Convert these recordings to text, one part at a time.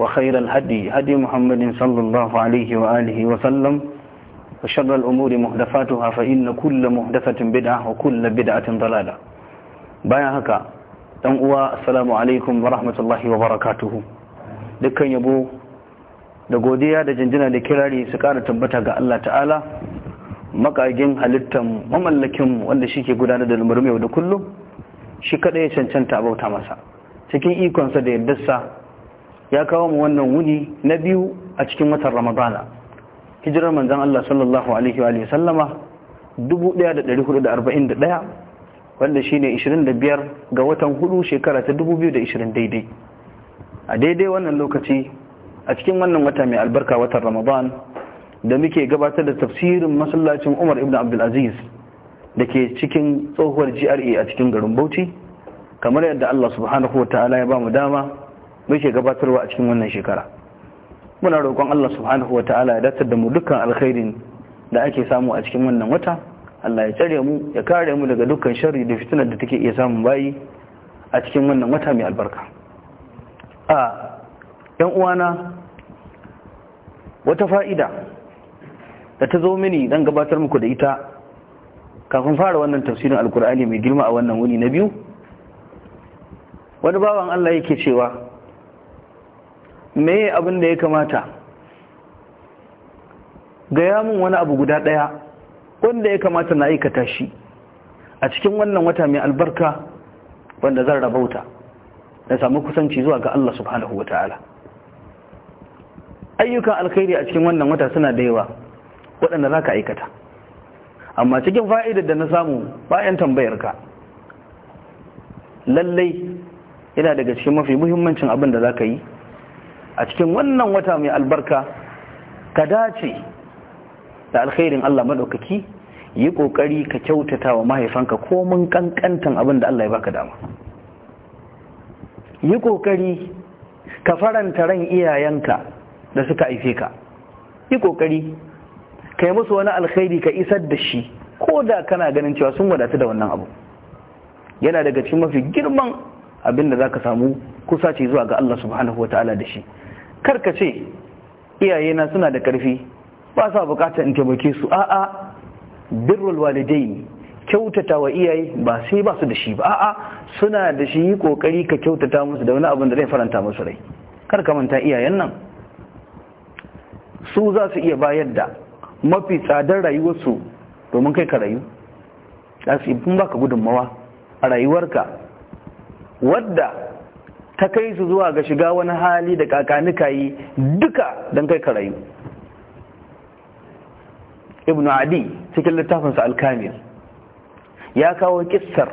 وخير الهدي هدي محمد صلى الله عليه وآله وسلم وشر الأمور مهدفاتها فإن كل مهدفة بدعة وكل بدعة ضلالة بايا هكا أنقوى السلام عليكم ورحمة الله وبركاته لكا يبو da godiya da jinjina da kirari su kara tabbata ga Allah halittar mamallakin wanda shi ke gudanar da lamarin yau da kullum shi kaɗai ya cancanta bauta masa cikin ikonsa da yardarsa ya kawo mu wannan wuni na biyu a cikin watan ramadana hijirar manzan Allah sallallahu alaihi wa sallama 1441 wanda shi ne 25 ga watan hudu shekara ta 2020 daidai a daidai wannan lokaci a cikin wannan wata mai albarka watan ramadan da muke gabatar da tafsirin masallacin umar ibn abdulaziz da ke cikin tsohuwar GRA a cikin garin Bauchi kamar yadda Allah subhanahu wa ta'ala ya ba mu dama muke gabatarwa a cikin wannan shekara muna roƙon Allah subhanahu wata'ala ya datar da mu dukkan alkhairin da ake samu a cikin wannan wata Allah ya tsare mu ya kare mu daga dukkan sharri da fitinar da take iya samun bayi a cikin wannan wata mai albarka a yan uwana wata fa'ida da ta zo mini dan gabatar muku da ita kafin fara wannan tafsirin alkur'ani mai girma a wannan wuni na biyu wani bawan Allah yake cewa me abin da ya kamata gaya min wani abu guda ɗaya wanda ya kamata na aikata shi a cikin wannan wata mai albarka wanda zan rabauta na samu kusanci zuwa ga Allah subhanahu wa ta'ala ayyukan alkhairi a cikin wannan wata suna da yawa waɗanda za ka aikata amma cikin fa'idar da na samu bayan tambayarka lallai yana daga cikin mafi muhimmancin abin da za ka yi a cikin wannan wata mai albarka ka dace da alkhairin Allah madaukaki yi kokari ka kyautata wa mahaifanka komin kankantan abin da Allah ya baka dama yi kokari ka faranta ran iyayenka da suka haife ka yi kokari kai musu wani alkhairi ka isar da shi ko da kana ganin cewa sun wadatu da wannan abu yana daga cikin mafi girman abin da za ka samu kusa ce zuwa ga Allah subhanahu wa ta'ala da shi karka ce iyayena suna da karfi ba sa bukatar in taimake su a'a birrul walidain kyautata wa iyaye ba sai ba su da shi ba a'a suna da shi kokari ka kyautata musu da wani abin da zai faranta musu rai kar ka manta iyayen nan su za su iya bayar da mafi tsadar rayuwarsu domin kai ka rayu za su ba baka gudunmawa a rayuwarka wadda ta kai su zuwa ga shiga wani hali da kakanika yi duka don kai karayu ibn adi cikin littafinsa alkamir ya kawo kissar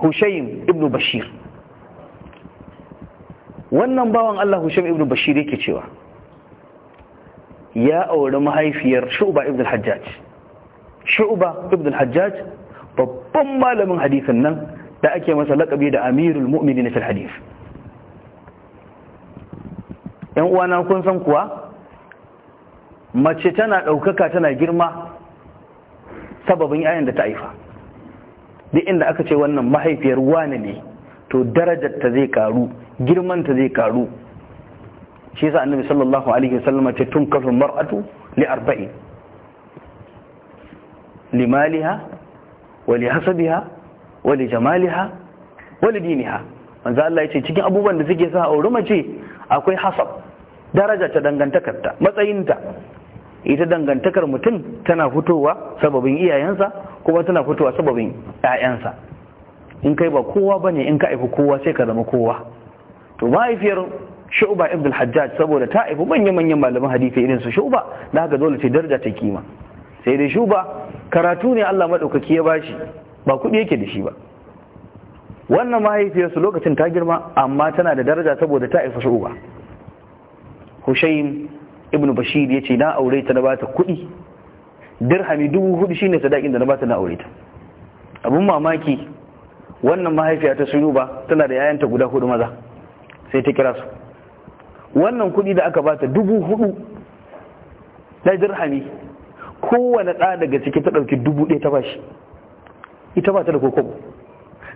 hushayim ibn bashir wannan bawan Allah hushayim ibn bashir yake cewa ya auri mahaifiyar shu'ba ibn hajjaj shu'ba ibn hajjaj babban malamin hadisin nan da ake masa laƙabi da amirul mu'minin na hadith yan uwana kun san kuwa mace tana ɗaukaka tana girma sababin yayin da ta haifa duk inda aka ce wannan mahaifiyar wane ne to darajar ta zai karu girmanta zai ƙaru. shi annabi sallallahu alaihi wasallam ce tun kafin mar'atu li arba'in limaliha wa li hasabiha wali jamaliha wali diniha manzo Allah ce cikin abubuwan da suke sa auri mace akwai hasab daraja ta matsayin matsayinta ita dangantakar mutum tana fitowa sababin iyayensa kuma tana fitowa sababin ƴaƴansa in kai ba kowa bane in ka aifi kowa sai ka zama kowa to mahaifiyar shu'ba ibn al-hajjaj saboda ta aifi manyan manyan malaman hadisi irin su shu'ba da haka dole ce daraja ta kima sai dai shu'ba karatu ne Allah madaukaki ya bashi ba kuɗi yake da shi ba wannan mahaifiyarsu lokacin ta girma amma tana da daraja saboda ta aifa uba. Hushayin ibn Bashir ya ce na aure ta na bata kuɗi dirhami dubu hudu shine sadakin da na bata na aure ta Abin mamaki wannan mahaifiya ta ba tana da yayanta guda hudu maza sai ta kira su wannan kuɗi da aka bata dubu hudu na dirhami kowane ɗa daga ciki ta ɗauki dubu ɗaya ta bashi ita ba ta da koko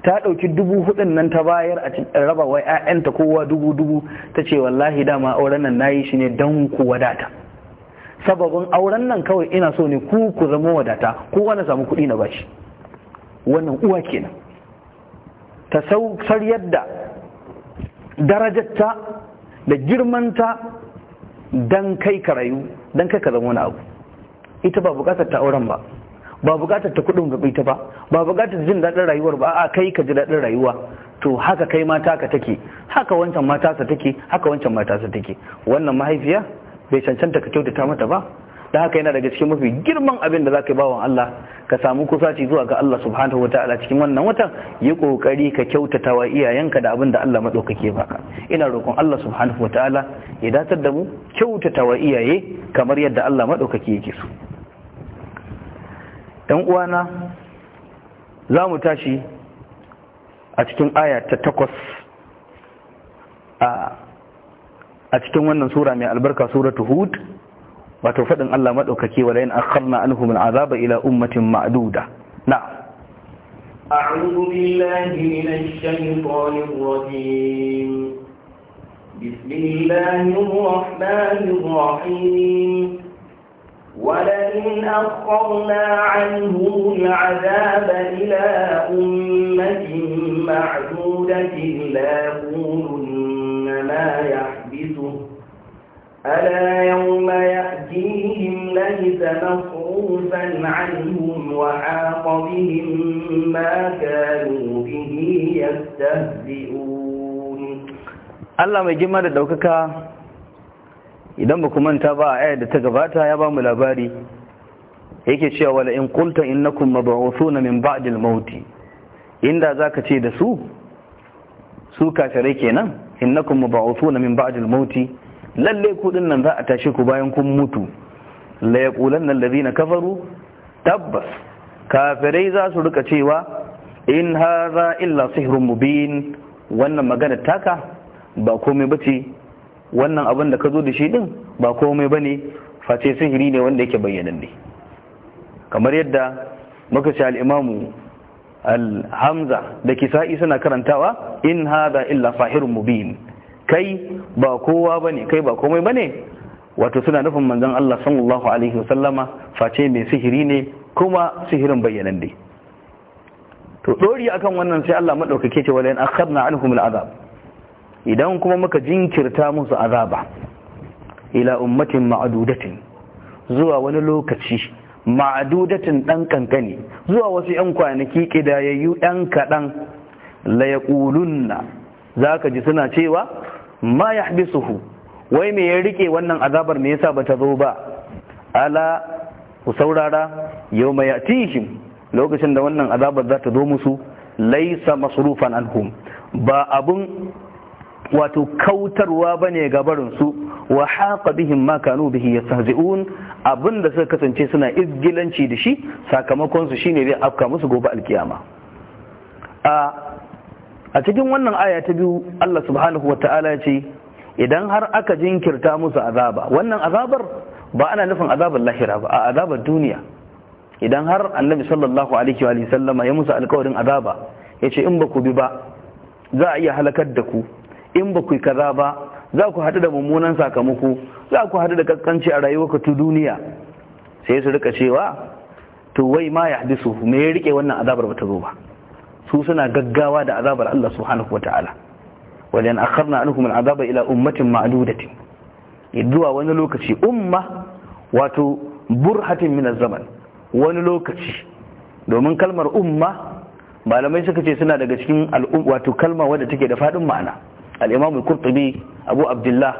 ta ɗauki dubu hudun nan ta bayar a raba wa 'ya'yanta kowa dubu dubu ta ce wallahi dama auren nan nayi shi ne don ku wadata sababin auren nan kawai ina so ne ku ku zama wadata ko wani samu kuɗi na bashi wannan uwa kenan ta saukar yadda darajarta da girmanta don kai ka rayu don kai ka zama wani abu ita ba bukatar ta auren ba ba bukatar ta kudin gabi ta ba ba bukatar jin daɗin rayuwar ba a kai ka ji daɗin rayuwa to haka kai mata ka take haka wancan mata sa take haka wancan mata sa take wannan mahaifiya bai cancanta ka kyautata mata ba da haka yana daga cikin mafi girman abin da za ka yi bawan Allah ka samu kusaci zuwa ga Allah subhanahu wa ta'ala cikin wannan watan yi kokari ka kyautata wa iyayenka da abin da Allah madaukake baka ina roƙon Allah subhanahu wa ta'ala ya datar da mu kyautata wa iyaye kamar yadda Allah maɗaukake yake so ɗan uwana za mu tashi a cikin aya ta takwas a cikin wannan sura mai albarka suratu hud wato faɗin Allah maɗaukaki wa layin akharna anhum azaba, ila ummatin ma'duda na أعوذ بالله من الشيطان الرجيم بسم الله الرحمن الرحيم ولئن أخرنا عنهم العذاب إلى أمة معدودة ليقولن ما يحبسه ألا يوم يأتيهم ليس مصروفا عنهم وحاق بهم ما كانوا به يستهزئون الله ما يجمع لدوكك idan ba manta ba a da ta gabata ya ba mu labari yake cewa wala in qulta innakum mab'uthuna min ba'dil maut inda zaka ce da su su kafirai kenan innakum mab'uthuna min ba'dil maut lalle ku nan za a tashi ku bayan kun mutu la yaqulanna alladhina kafaru tabbas kafirai za su rika cewa in hadha illa sihrun mubin wannan magana taka ba komai bace wannan abin da ka zo da shi din ba komai bane face sihiri ne wanda yake bayyananne kamar yadda muka ce al-imamu da kisa'i suna karantawa in hadha illa fahirun mubin kai ba kowa bane kai ba komai bane wato suna nufin manzon Allah sallallahu alaihi wasallama face mai sihiri ne kuma sihirin bayyananne to dori akan wannan sai Allah madaukake ce wala in akhadna anhum azab idan kuma muka jinkirta musu azaba ila ummatin ma'adudatin zuwa wani lokaci ma'adudatin ɗan kankani zuwa wasu 'yan kwanaki kidayayyu 'yan kaɗan layaƙulunna za ka ji suna cewa ma ya wai me ya rike wannan azabar me yasa bata zo ba ala ku saurara yau mai lokacin da wannan azabar za ta zo musu laisa masrufan anhum ba abun wato kautarwa bane ga barin su wa haqa bihim ma kanu bihi yastahzi'un abinda suka kasance suna izgilanci da shi sakamakonsu su shine zai afka musu gobe alkiyama a cikin wannan aya ta biyu Allah subhanahu wata'ala ya ce idan har aka jinkirta musu azaba wannan azabar ba ana nufin azabar lahira ba a azabar duniya idan har annabi sallallahu alaihi wa sallama ya musu alƙawarin azaba yace in ba ku bi ba za a iya halakar da ku in ba ku yi kaza ba za ku haɗu da mummunan sakamako za ku haɗu da kaskanci a rayuwarka ta duniya sai su rika cewa to wai ma ya hadisu me ya rike wannan azabar bata zo ba su suna gaggawa da azabar Allah subhanahu wataala walan akharna anhum azaba ila ummatin ma'dudatin zuwa wani lokaci umma wato burhatin min zaman wani lokaci domin kalmar umma malamai suka ce suna daga cikin wato kalma wadda take da fadin ma'ana al-imam abu abdullah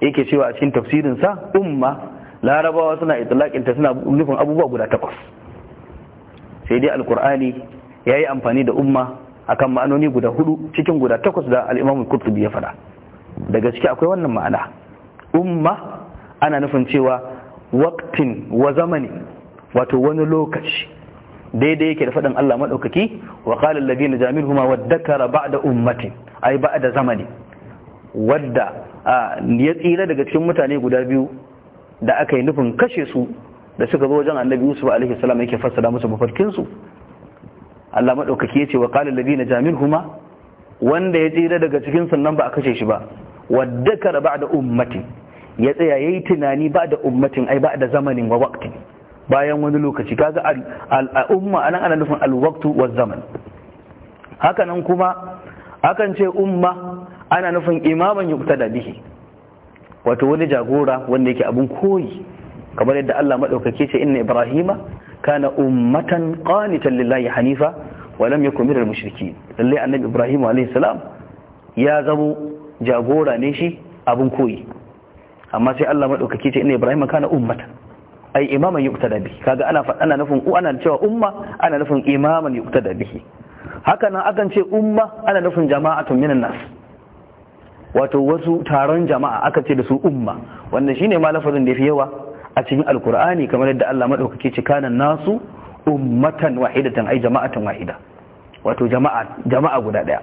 yake cewa a cikin tafsirin sa umma larabawa suna itlaqin suna nufin abubuwa guda takwas sai dai alkur'ani ya yi amfani da umma akan ma'anoni guda hudu cikin guda takwas da alimam kurtubi ya faɗa daga ciki akwai wannan ma'ana umma ana nufin cewa waqtin wa zamani wato wani lokaci daidai yake da faɗin Allah maɗaukaki wa qala alladhina jami'uhuma waddakara ba'da ummati. ai ba'da zamani wadda ya tsira daga cikin mutane guda biyu da aka yi nufin kashe su da suka zo wajen annabi Yusuf alaihi salam yake fassara musu mafarkin su Allah maɗaukaki yace wa qala alladhina jami'uhuma wanda ya tsira daga cikin sannan ba a kashe shi ba waddakara ba'da ummati ya tsaya yayi tunani ba da ummatin ai ba da zamanin wa waqtin bayan wani lokaci kaga al'umma anan ana nufin alwaktu wa zaman hakanan kuma akan ce umma ana nufin imaman yuktada bihi wato wani jagora wanda yake abun koyi kamar yadda Allah madaukake ce inna ibrahima kana ummatan qanitan lillahi hanifa wa lam yakun minal mushrikeen lalle annabi ibrahim alayhi salam ya zamo jagora ne shi abun koyi amma sai Allah madaukake ce inna ibrahima kana ummatan ai imaman yuqtada bihi kaga ana faɗa ana nufin ana cewa umma ana nufin imaman yuqtada bihi haka nan akan ce umma ana nufin jama'atun minan nas wato wasu taron jama'a aka ce da su umma wannan shine ma lafazin da yafi yawa a cikin alkur'ani kamar yadda Allah madaukake ce kana nasu ummatan wahidatan ai jama'atan wahida wato jama'a jama'a guda daya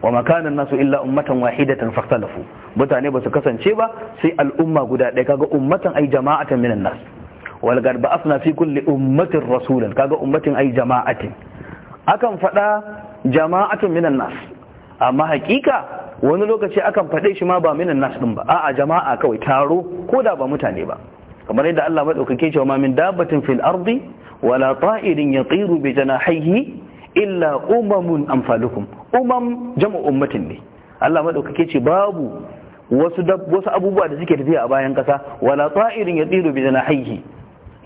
wa makanan nasu illa ummatan wahidatan fahtalafu mutane ba su kasance ba sai al'umma guda ɗaya kaga ummatan ai jama'atan minan nas wal ba asna fi kulli ummatin rasulan kaga ummatin ay jama'atin akan fada jama'atun minan nas amma hakika wani lokaci akan faɗe shi ma ba minan nas ɗin ba a jama'a kawai taro ko da ba mutane ba kamar yadda Allah dauka cewa ma min dabbatin fil ardi wala ta'irin yatiru bi janahihi illa umamun amfalukum umam jama'u ummatin ne Allah dauka ce babu wasu abubuwa da suke tafiya a bayan kasa wala ta'irin yatiru bi janahihi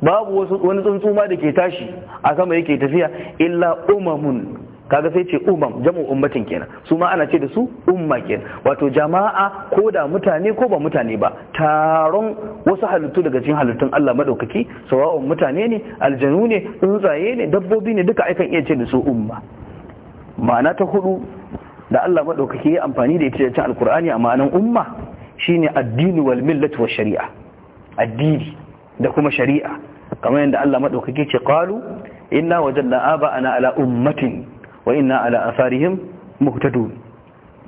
babu wani tsuntsu ma da ke tashi a sama yake tafiya illa umamun kaga sai ce umam jama'u ummatin kenan su ma ana ce da su umma kenan wato jama'a ko da mutane ko ba mutane ba taron wasu halittu daga cikin halittun Allah madaukaki sawau mutane ne aljanu ne tsuntsaye ne dabbobi ne duka akan iya ce da su umma ma'ana ta hudu da Allah madaukaki ya amfani da ita cikin alkur'ani a ma'anan umma shine addini wal millati wash shari'a addini da kuma shari'a kamar yadda Allah madaukake ce qalu inna wajadna aba'ana ala ummatin wa inna ala atharihim muhtadun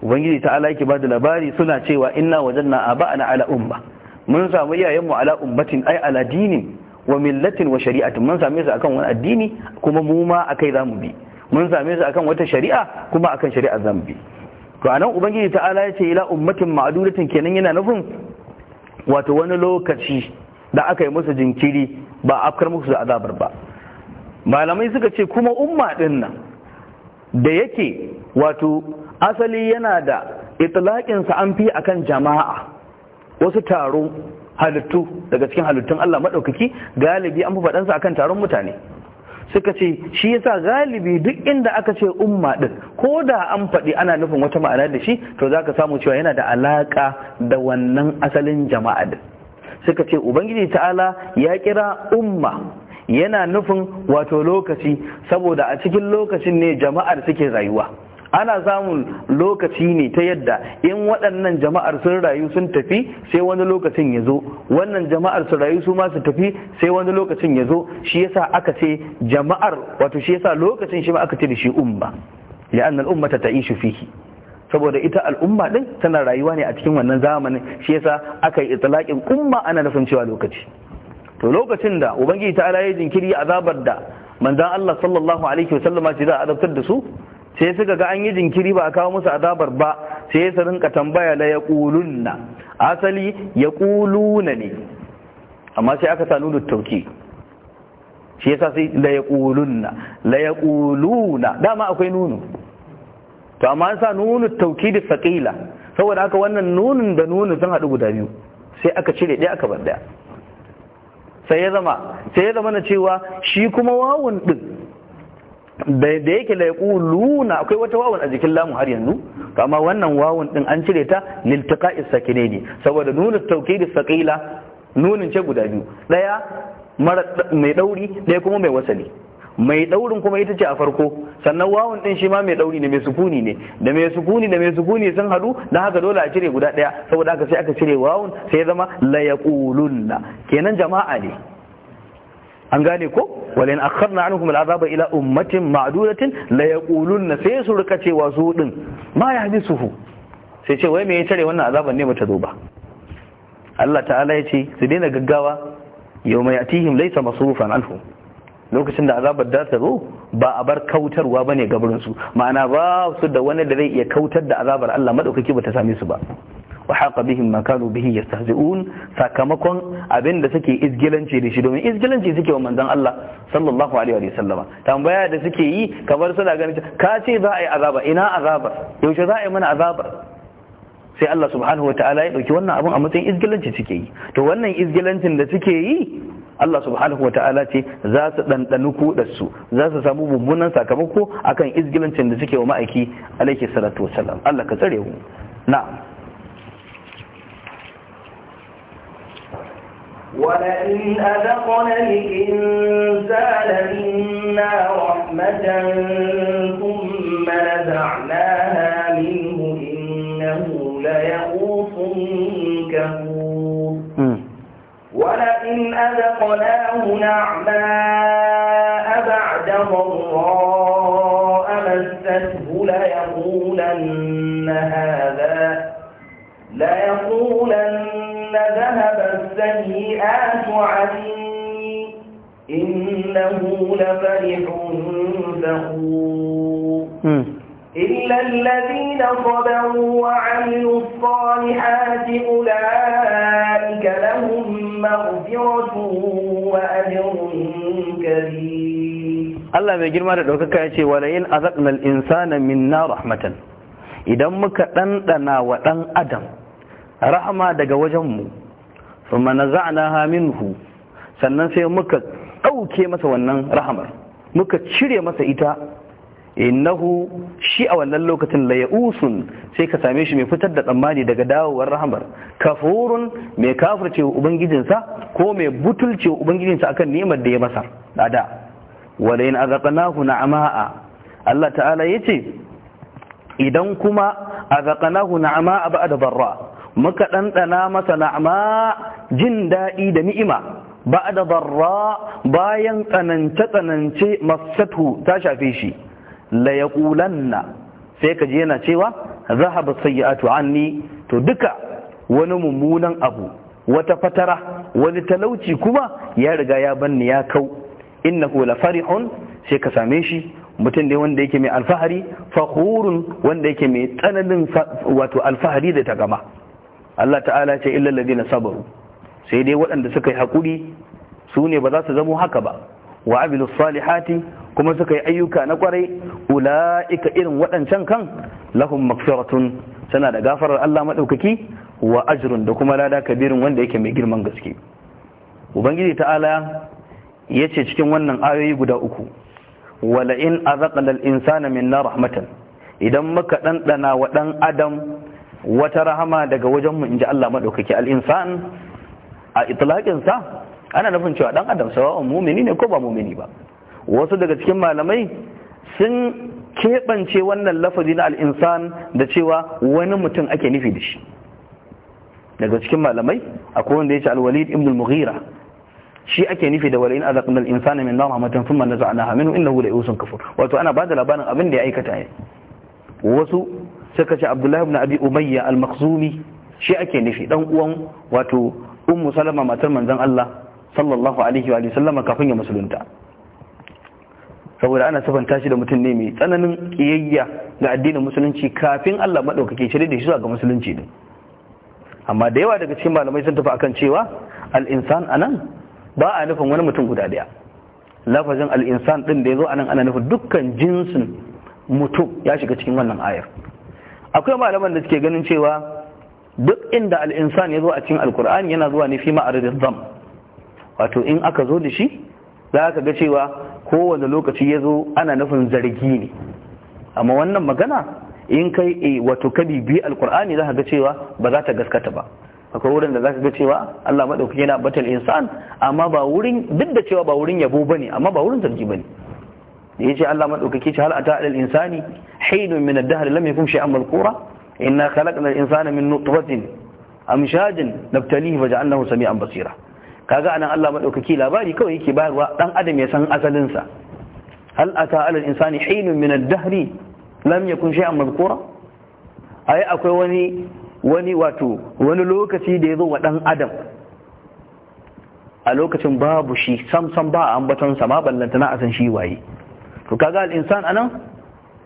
ubangiji ta ta'ala yake da labari suna cewa inna wajadna aba'ana ala umma mun samu iyayenmu ala ummatin ai ala dinin wa millatin wa shari'atin mun same su akan wani addini kuma mu ma akai zamu bi mun same su akan wata shari'a kuma akan shari'a za mu bi to anan ubangiji ta'ala ya ce ila ummatin ma'dudatin kenan yana nufin wato wani lokaci da aka yi musu jinkiri ba afkar musu da azabar ba malamai suka ce kuma umma din nan da yake wato asali yana da itlaƙinsa an fi akan jama'a wasu taro halittu daga cikin halittun Allah maɗaukaki galibi an fi faɗansa akan taron mutane suka ce shi yasa galibi duk inda aka ce umma din ko da an faɗi ana nufin wata ma'ana da shi to zaka samu cewa yana da alaƙa da wannan asalin jama'a din suka ce ubangiji ta'ala ya kira umma yana nufin wato lokaci saboda a cikin lokacin ne jama'ar suke rayuwa ana samun lokaci ne ta yadda in waɗannan jama'ar sun rayu sun tafi sai wani lokacin ya zo wannan jama'ar sun rayu su ma su tafi sai wani lokacin ya zo shi yasa aka ce jama'ar wato shi yasa lokacin shi ma aka ce da shi umma li'anna al-ummata ta'ishu fihi saboda ita al'umma din tana rayuwa ne a cikin wannan zamanin shi yasa aka yi itlaqin umma ana nufin cewa lokaci to lokacin da ubangiji ta ya jinkiri azabar da manzon Allah sallallahu alaihi wasallama ce za a adabtar da su sai suka ga an yi jinkiri ba a kawo musu azabar ba sai su rinka tambaya la yaqulunna asali yaquluna ne amma sai aka sa nunu tauki shi yasa sai la yaqulunna la yaquluna dama akwai nunu to amma an sa nunu tawkidi saqila saboda haka wannan nunun da nunun sun haɗu guda biyu sai aka cire ɗaya aka bar ɗaya sai ya zama sai ya zama na cewa shi kuma wawun din da yake la yaquluna akwai wata wawun a jikin lamu har yanzu to amma wannan wawun din an cire ta liltaqa'is sakinaini saboda nunu tawkidi saqila nunin ce guda biyu daya mai ɗauri ɗaya kuma mai wasali mai ɗaurin kuma ita ce a farko sannan wawan ɗin shi ma mai ɗauri ne mai sukuni ne da mai sukuni da mai sukuni sun hadu na haka dole a cire guda daya saboda haka sai aka cire wawan sai ya zama la kenan jama'a ne an gane ko walin akharna anhum al'azaba ila ummatin ma'dudatin la sai su rika cewa su din ma ya hadisuhu sai ce wai me ya tare wannan azaban ne ta zo ba Allah ta'ala ya ce su daina gaggawa yawma yatihim laysa masrufan alhu. lokacin da azabar da ta zo ba a bar kautarwa bane ne su ma'ana ba su da wani da zai iya kautar da azabar Allah madaukaki ba ta same su ba wa haqa bihim ma kanu bihi sakamakon abin da suke izgilanci da shi domin izgilanci suke wa manzon Allah sallallahu alaihi wa sallama tambaya da suke yi kamar suna ganin ka ce za a yi ina azabar yaushe za a yi mana azabar? sai Allah subhanahu ta'ala ya ɗauki wannan abun a matsayin izgilanci suke yi to wannan izgilancin da suke yi Allah subhanahu ta'ala ce za su ɗanɗani kuɗarsu, su za su samu mummunan sakamako akan izgilancin da suke wa ma'aiki alaihi salatu salam. Allah ka tsare mu na'am ولئن أذقنا الإنسان منا رحمة ثم نزعناها منه فأذقناه نعماء بعد ضراء مسته ليقولن هذا ليقولن ذهب السيئات عني إنه لفرح فخور إلا الذين صبروا وعملوا الصالحات أولئك لهم مغفرة وأجر كبير الله mai girma da ɗaukaka ya ce walayin azaqnal insana minna rahmatan idan muka ɗanɗana wa ɗan adam rahama daga wajenmu thumma naza'naha minhu sannan sai muka ɗauke masa wannan rahmar, muka cire masa ita innahu shi a wannan lokacin la ya'usun sai ka same shi mai fitar da tsammani daga dawowar rahamar kafurun mai kafirce ubangijinsa ko mai butulce ubangijinsa akan ni'imar da ya masa da wala in na na'ama'a Allah ta'ala ya ce idan kuma na azaqnahu ba da barra muka ɗanɗana masa na'ama jin daɗi da ni'ima da barra bayan tsanance tsanance masu ta shafe shi la yaqulanna sai ka ji yana cewa zahaba sayyi'atu anni to duka wani mummunan abu wata fatara wani talauci kuma ya riga ya banni ya kau innahu la farihun sai ka same shi mutum ne wanda yake mai alfahari fakhurun wanda yake mai tsananin wato alfahari da ta gama Allah ta'ala ce illal ladina sabaru sai dai waɗanda suka yi hakuri su ne ba za su zamo haka ba wa abilus salihati kuma suka yi ayyuka na kwarai ula'ika irin waɗancan kan lahum magfiratun tana da gafarar Allah maɗaukaki wa ajrun da kuma lada kabirin wanda yake mai girman gaske ubangiji ta'ala ya ce cikin wannan ayoyi guda uku wala in azaqna al-insana minna rahmatan idan muka dandana wa dan adam wata rahama daga wajen mu inji Allah maɗaukaki al-insan a itlaqin sa ana nufin cewa dan adam sawa'un mu'mini ne ko ba mu'mini ba wasu daga cikin malamai sun keɓance wannan lafazi na al'insan da cewa wani mutum ake nufi da shi daga cikin malamai akwai wanda ya ce alwalid ibn al-mughira shi ake nufi da wala'in azaqna al-insana min rahmatin thumma naza'naha minhu innahu la'iusun kafur wato ana bada labarin abin da ya aikata ne wasu suka ce abdullahi ibn abi umayya al-makhzumi shi ake nufi dan uwan wato ummu salama matar manzon Allah sallallahu alaihi wa sallama kafin ya musulunta saboda ana sifanta shi da mutum ne mai tsananin kiyayya ga addinin musulunci kafin Allah maɗaukake shirye da shi zuwa ga musulunci din amma da yawa daga cikin malamai sun tafi akan cewa al-insan anan ba a nufin wani mutum guda daya lafazin al-insan din da yazo anan ana nufin dukkan jinsin mutum ya shiga cikin wannan ayar akwai malaman da suke ganin cewa duk inda al'insan ya zo a cikin al-Qur'ani yana zuwa ne fi ma'aridin dham wato in aka zo da shi za ka ga cewa kowane lokaci ya zo ana nufin zargi ne amma wannan magana in kai e wato Kabi biyu alkur'ani za ka ga cewa ba za ta gaskata ba akwai wurin da za ka ga cewa Allah maɗaukaki yana batal insan amma ba wurin duk da cewa ba wurin yabo ba ne amma ba wurin zargi ba ne da ya ce Allah maɗaukaki ce hal a ta'adar insani hainun min ad-dahr lam yakun shay'an malqura inna khalaqna al-insana min nutfatin amshajin nabtalihi faja'alnahu sami'an basira kaga anan Allah madaukaki labari kawai yake bayarwa dan adam ya san asalin sa hal ata alal insani hinun min ad-dahri lam yakun shay'an madhkura ai akwai wani wani wato wani lokaci da yazo wa dan adam a lokacin babu shi sam sam ba ambaton sa ma ballanta na asan shi waye to kaga al-insan anan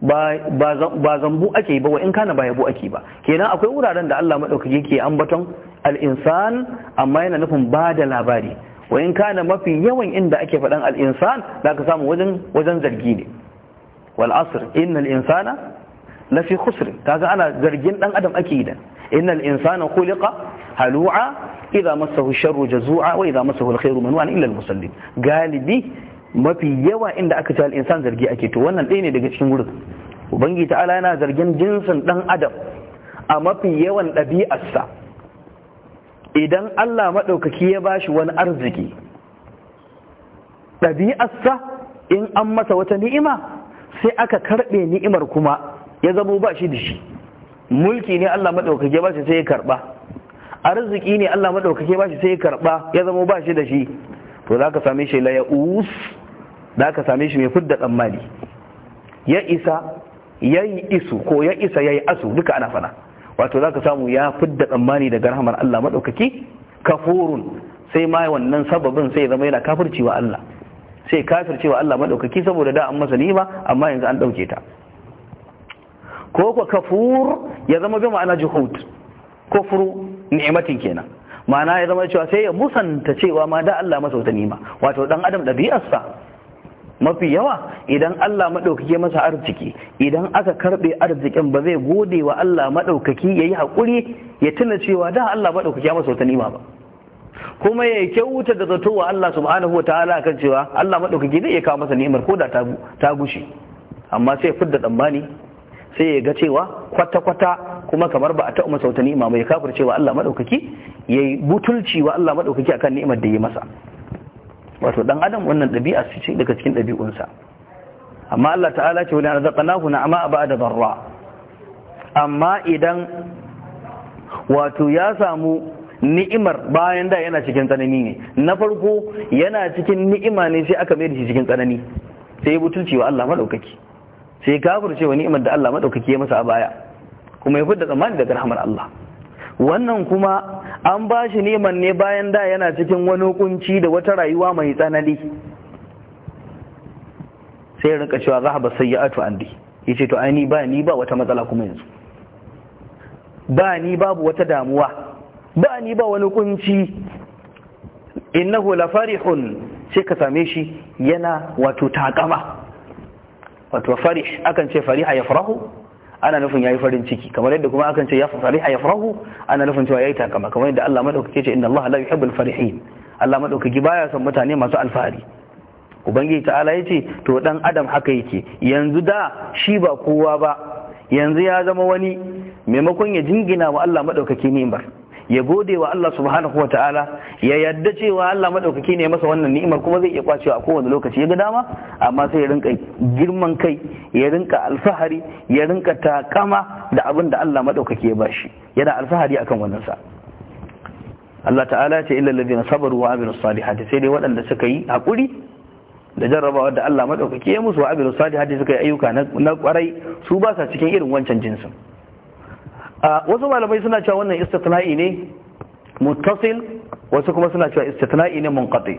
ba zambu ake ba wa in kana ba yabo ake ba kenan akwai wuraren da Allah madaukaki yake ambaton al'insan amma yana nufin ba da labari wa in kana mafi yawan inda ake faɗan al'insan za ka samu wajen zargi ne wal asr innal insana lafi khusr kaga ana zargin dan adam ake yi da inna al'insana kulika halu'a idan massahu sharru jazu'a wa idza massahu alkhairu manu'a illa almusallin galibi mafi yawa inda aka ce al'insan zargi ake to wannan ɗaya ne daga cikin wurin ubangi ta'ala yana zargin jinsin ɗan adam a mafi yawan ɗabi'arsa idan Allah maɗaukaki ya bashi wani arziki ɗabi'arsa in an masa wata ni'ima sai aka karɓe ni'imar kuma ya zamo ba shi da shi mulki ne Allah maɗaukaki ya bashi sai ya karɓa arziki ne Allah maɗaukaki ya bashi sai ya karɓa ya zamo ba shi da shi to za ka same shi us za ka same shi mai fudda tsammani ya isa ya yi isu ko ya isa ya yi asu duka ana fana wato zaka samu ya fidda tsammani daga rahmar Allah maɗaukaki kafurun sai ma wannan sababin sai zama yana kafircewa Allah sai kafirce wa Allah maɗaukaki saboda da an masa nima amma yanzu an ɗauke ta ko kafur ya zama bi ma'ana juhud kufuru ni'matin kenan ma'ana ya zama cewa sai ya musanta cewa ma da Allah masa wata nima wato dan adam dabi'arsa mafi yawa idan Allah maɗaukaki masa arziki idan aka karɓe arzikin ba zai gode wa Allah maɗaukaki ya yi haƙuri ya tuna cewa da Allah maɗaukaki masa wata nima ba kuma ya kyauta da zato wa Allah subhanahu wa ta'ala kan cewa Allah maɗaukaki zai iya kawo masa ni'imar ko da ta gushe amma sai fidda tsammani sai ya ga cewa kwata-kwata kuma kamar ba a taɓa masa wata ni'ima mai ya kafirce wa Allah maɗaukaki ya butulci wa Allah maɗaukaki akan ni'imar da ya masa wato dan adam wannan dabi'a su ce daga cikin dabi'unsa amma Allah ta'ala ce wani arzaqnahu na'ama ba'da darra amma idan wato ya samu ni'imar bayan da yana cikin tsanani ne na farko yana cikin ni'ima ne sai aka mai da shi cikin tsanani sai ya butulci wa Allah madaukaki sai ya kafirce wa ni'imar da Allah madaukaki ya masa a baya kuma ya fidda tsammani daga rahmar Allah wannan kuma an ba shi neman ne bayan da yana cikin wani kunci da wata rayuwa mai tsanani sai rinka cewa za zahaba sayyi'atu andi ce to aini ba ni ba wata matsala kuma yanzu ba ni babu wata damuwa ba ni ba wani kunci innahu la farihun sai ka same shi yana wato takama wato farih akan ce fariha farahu ana nufin yayi farin ciki kamar yadda kuma akan ce ya fariha yafrahu ana nufin cewa yayi takama kamar yadda Allah madaukake ce inna Allah la yuhibbul farihin Allah madaukaki baya son mutane masu alfahari ubangiji ta'ala yace to dan adam haka yake yanzu da shi ba kowa ba yanzu ya zama wani maimakon ya jingina wa Allah madaukake bar. ya gode wa Allah subhanahu wataala ya yarda cewa Allah madaukaki ne masa wannan ni'imar kuma zai iya kwacewa a kowane lokaci ya ga dama amma sai ya rinka girman kai ya rinka alfahari ya rinka takama da abin da Allah madaukaki ya bashi yana alfahari akan wannan sa Allah ta'ala ya ce illal ladina sabaru wa amilu salihati sai dai waɗanda suka yi hakuri da jarrabawar da Allah madaukaki ya musu wa amilu salihati suka yi ayyuka na kwarai su ba sa cikin irin wancan jinsin wasu malamai suna cewa wannan istitna'i ne muttasil wasu kuma suna cewa istitna'i ne munqati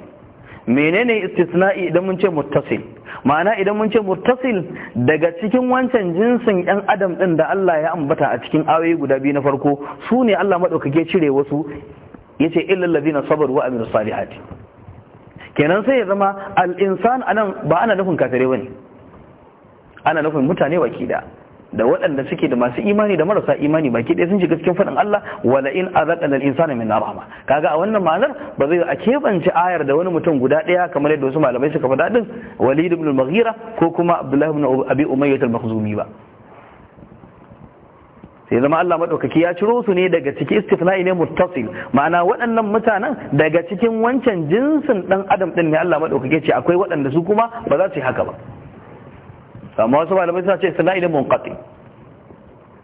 menene istitna'i idan mun ce muttasil ma'ana idan mun ce muttasil daga cikin wancan jinsin yan adam ɗin da Allah ya ambata a cikin ayoyi guda biyu na farko su ne Allah madaukake cire wasu yace illal ladina sabaru wa amilus salihati kenan sai ya zama al insan anan ba ana nufin kafirai bane ana nufin mutane wakida da waɗanda suke da masu imani da marasa imani baki ɗaya sun shiga cikin faɗin Allah wala in azaqana al-insana minna rahma kaga a wannan ma'anar ba zai a kebanci ayar da wani mutum guda ɗaya kamar yadda wasu malamai suka faɗa din Walid ibn al-Mughira ko kuma Abdullah ibn Abi Umayyah al-Makhzumi ba sai zama Allah madaukaki ya ciro su ne daga cikin istifna'i ne muttasil ma'ana waɗannan mutanen daga cikin wancan jinsin ɗan adam ɗin ne Allah maɗaukaki ce akwai waɗanda su kuma ba za su yi haka ba amma wasu malamai suna ce isna'ilin munqati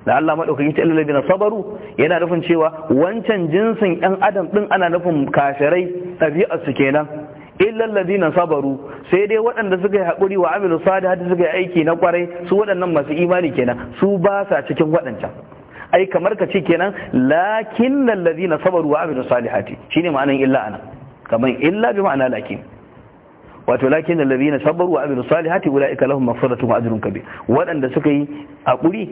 da Allah madaukakin ta illal ladina sabaru yana nufin cewa wancan jinsin ɗan adam ɗin ana nufin kafirai ɗabi'ar su kenan illal ladina sabaru sai dai waɗanda suka yi haƙuri wa amilu salihat suka yi aiki na kwarai su waɗannan masu imani kenan su ba sa cikin waɗancan ai kamar ka ce kenan lakinnal ladina sabaru wa amilu salihati shine ma'anan illa anan kamar illa bi ma'ana lakin wato lakin allazina sabaru wa amilu salihati ulaika lahum maghfiratun wa ajrun kabir waɗanda suka yi haƙuri,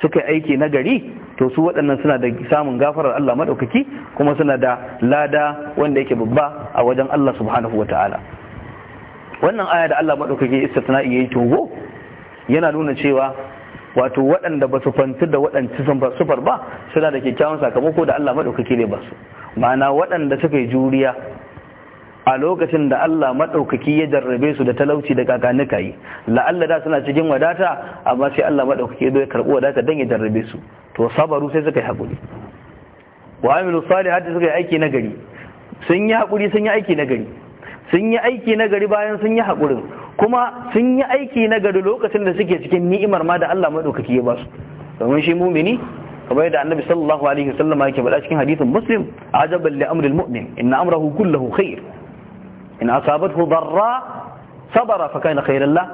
suka yi aiki na gari to su waɗannan suna da samun gafarar Allah madaukaki kuma suna da lada wanda yake babba a wajen Allah subhanahu ta'ala wannan aya da Allah madaukaki iya yayi togo yana nuna cewa wato waɗanda ba su fanti da waɗancan sufar ba suna da kyakkyawan sakamako da Allah madaukaki ne ba su ma'ana waɗanda suka yi juriya a lokacin da Allah maɗaukaki ya jarrabe su da talauci da kakanuka yi la'alla da suna cikin wadata amma sai Allah maɗaukaki ya karɓi wadata don ya jarrabe su to sabaru sai suka yi haƙuri wa amilu salihati suka yi aiki nagari sun yi haƙuri sun yi aiki nagari sun yi aiki nagari bayan sun yi haƙurin kuma sun yi aiki nagari lokacin da suke cikin ni'imar ma da Allah maɗaukaki ya ba su domin shi mumini kamar yadda annabi sallallahu alaihi wasallam yake faɗa cikin hadithin muslim ajaban li amril mu'min inna amrahu kulluhu khair in asabathu darra sabara fa kana khairan lahu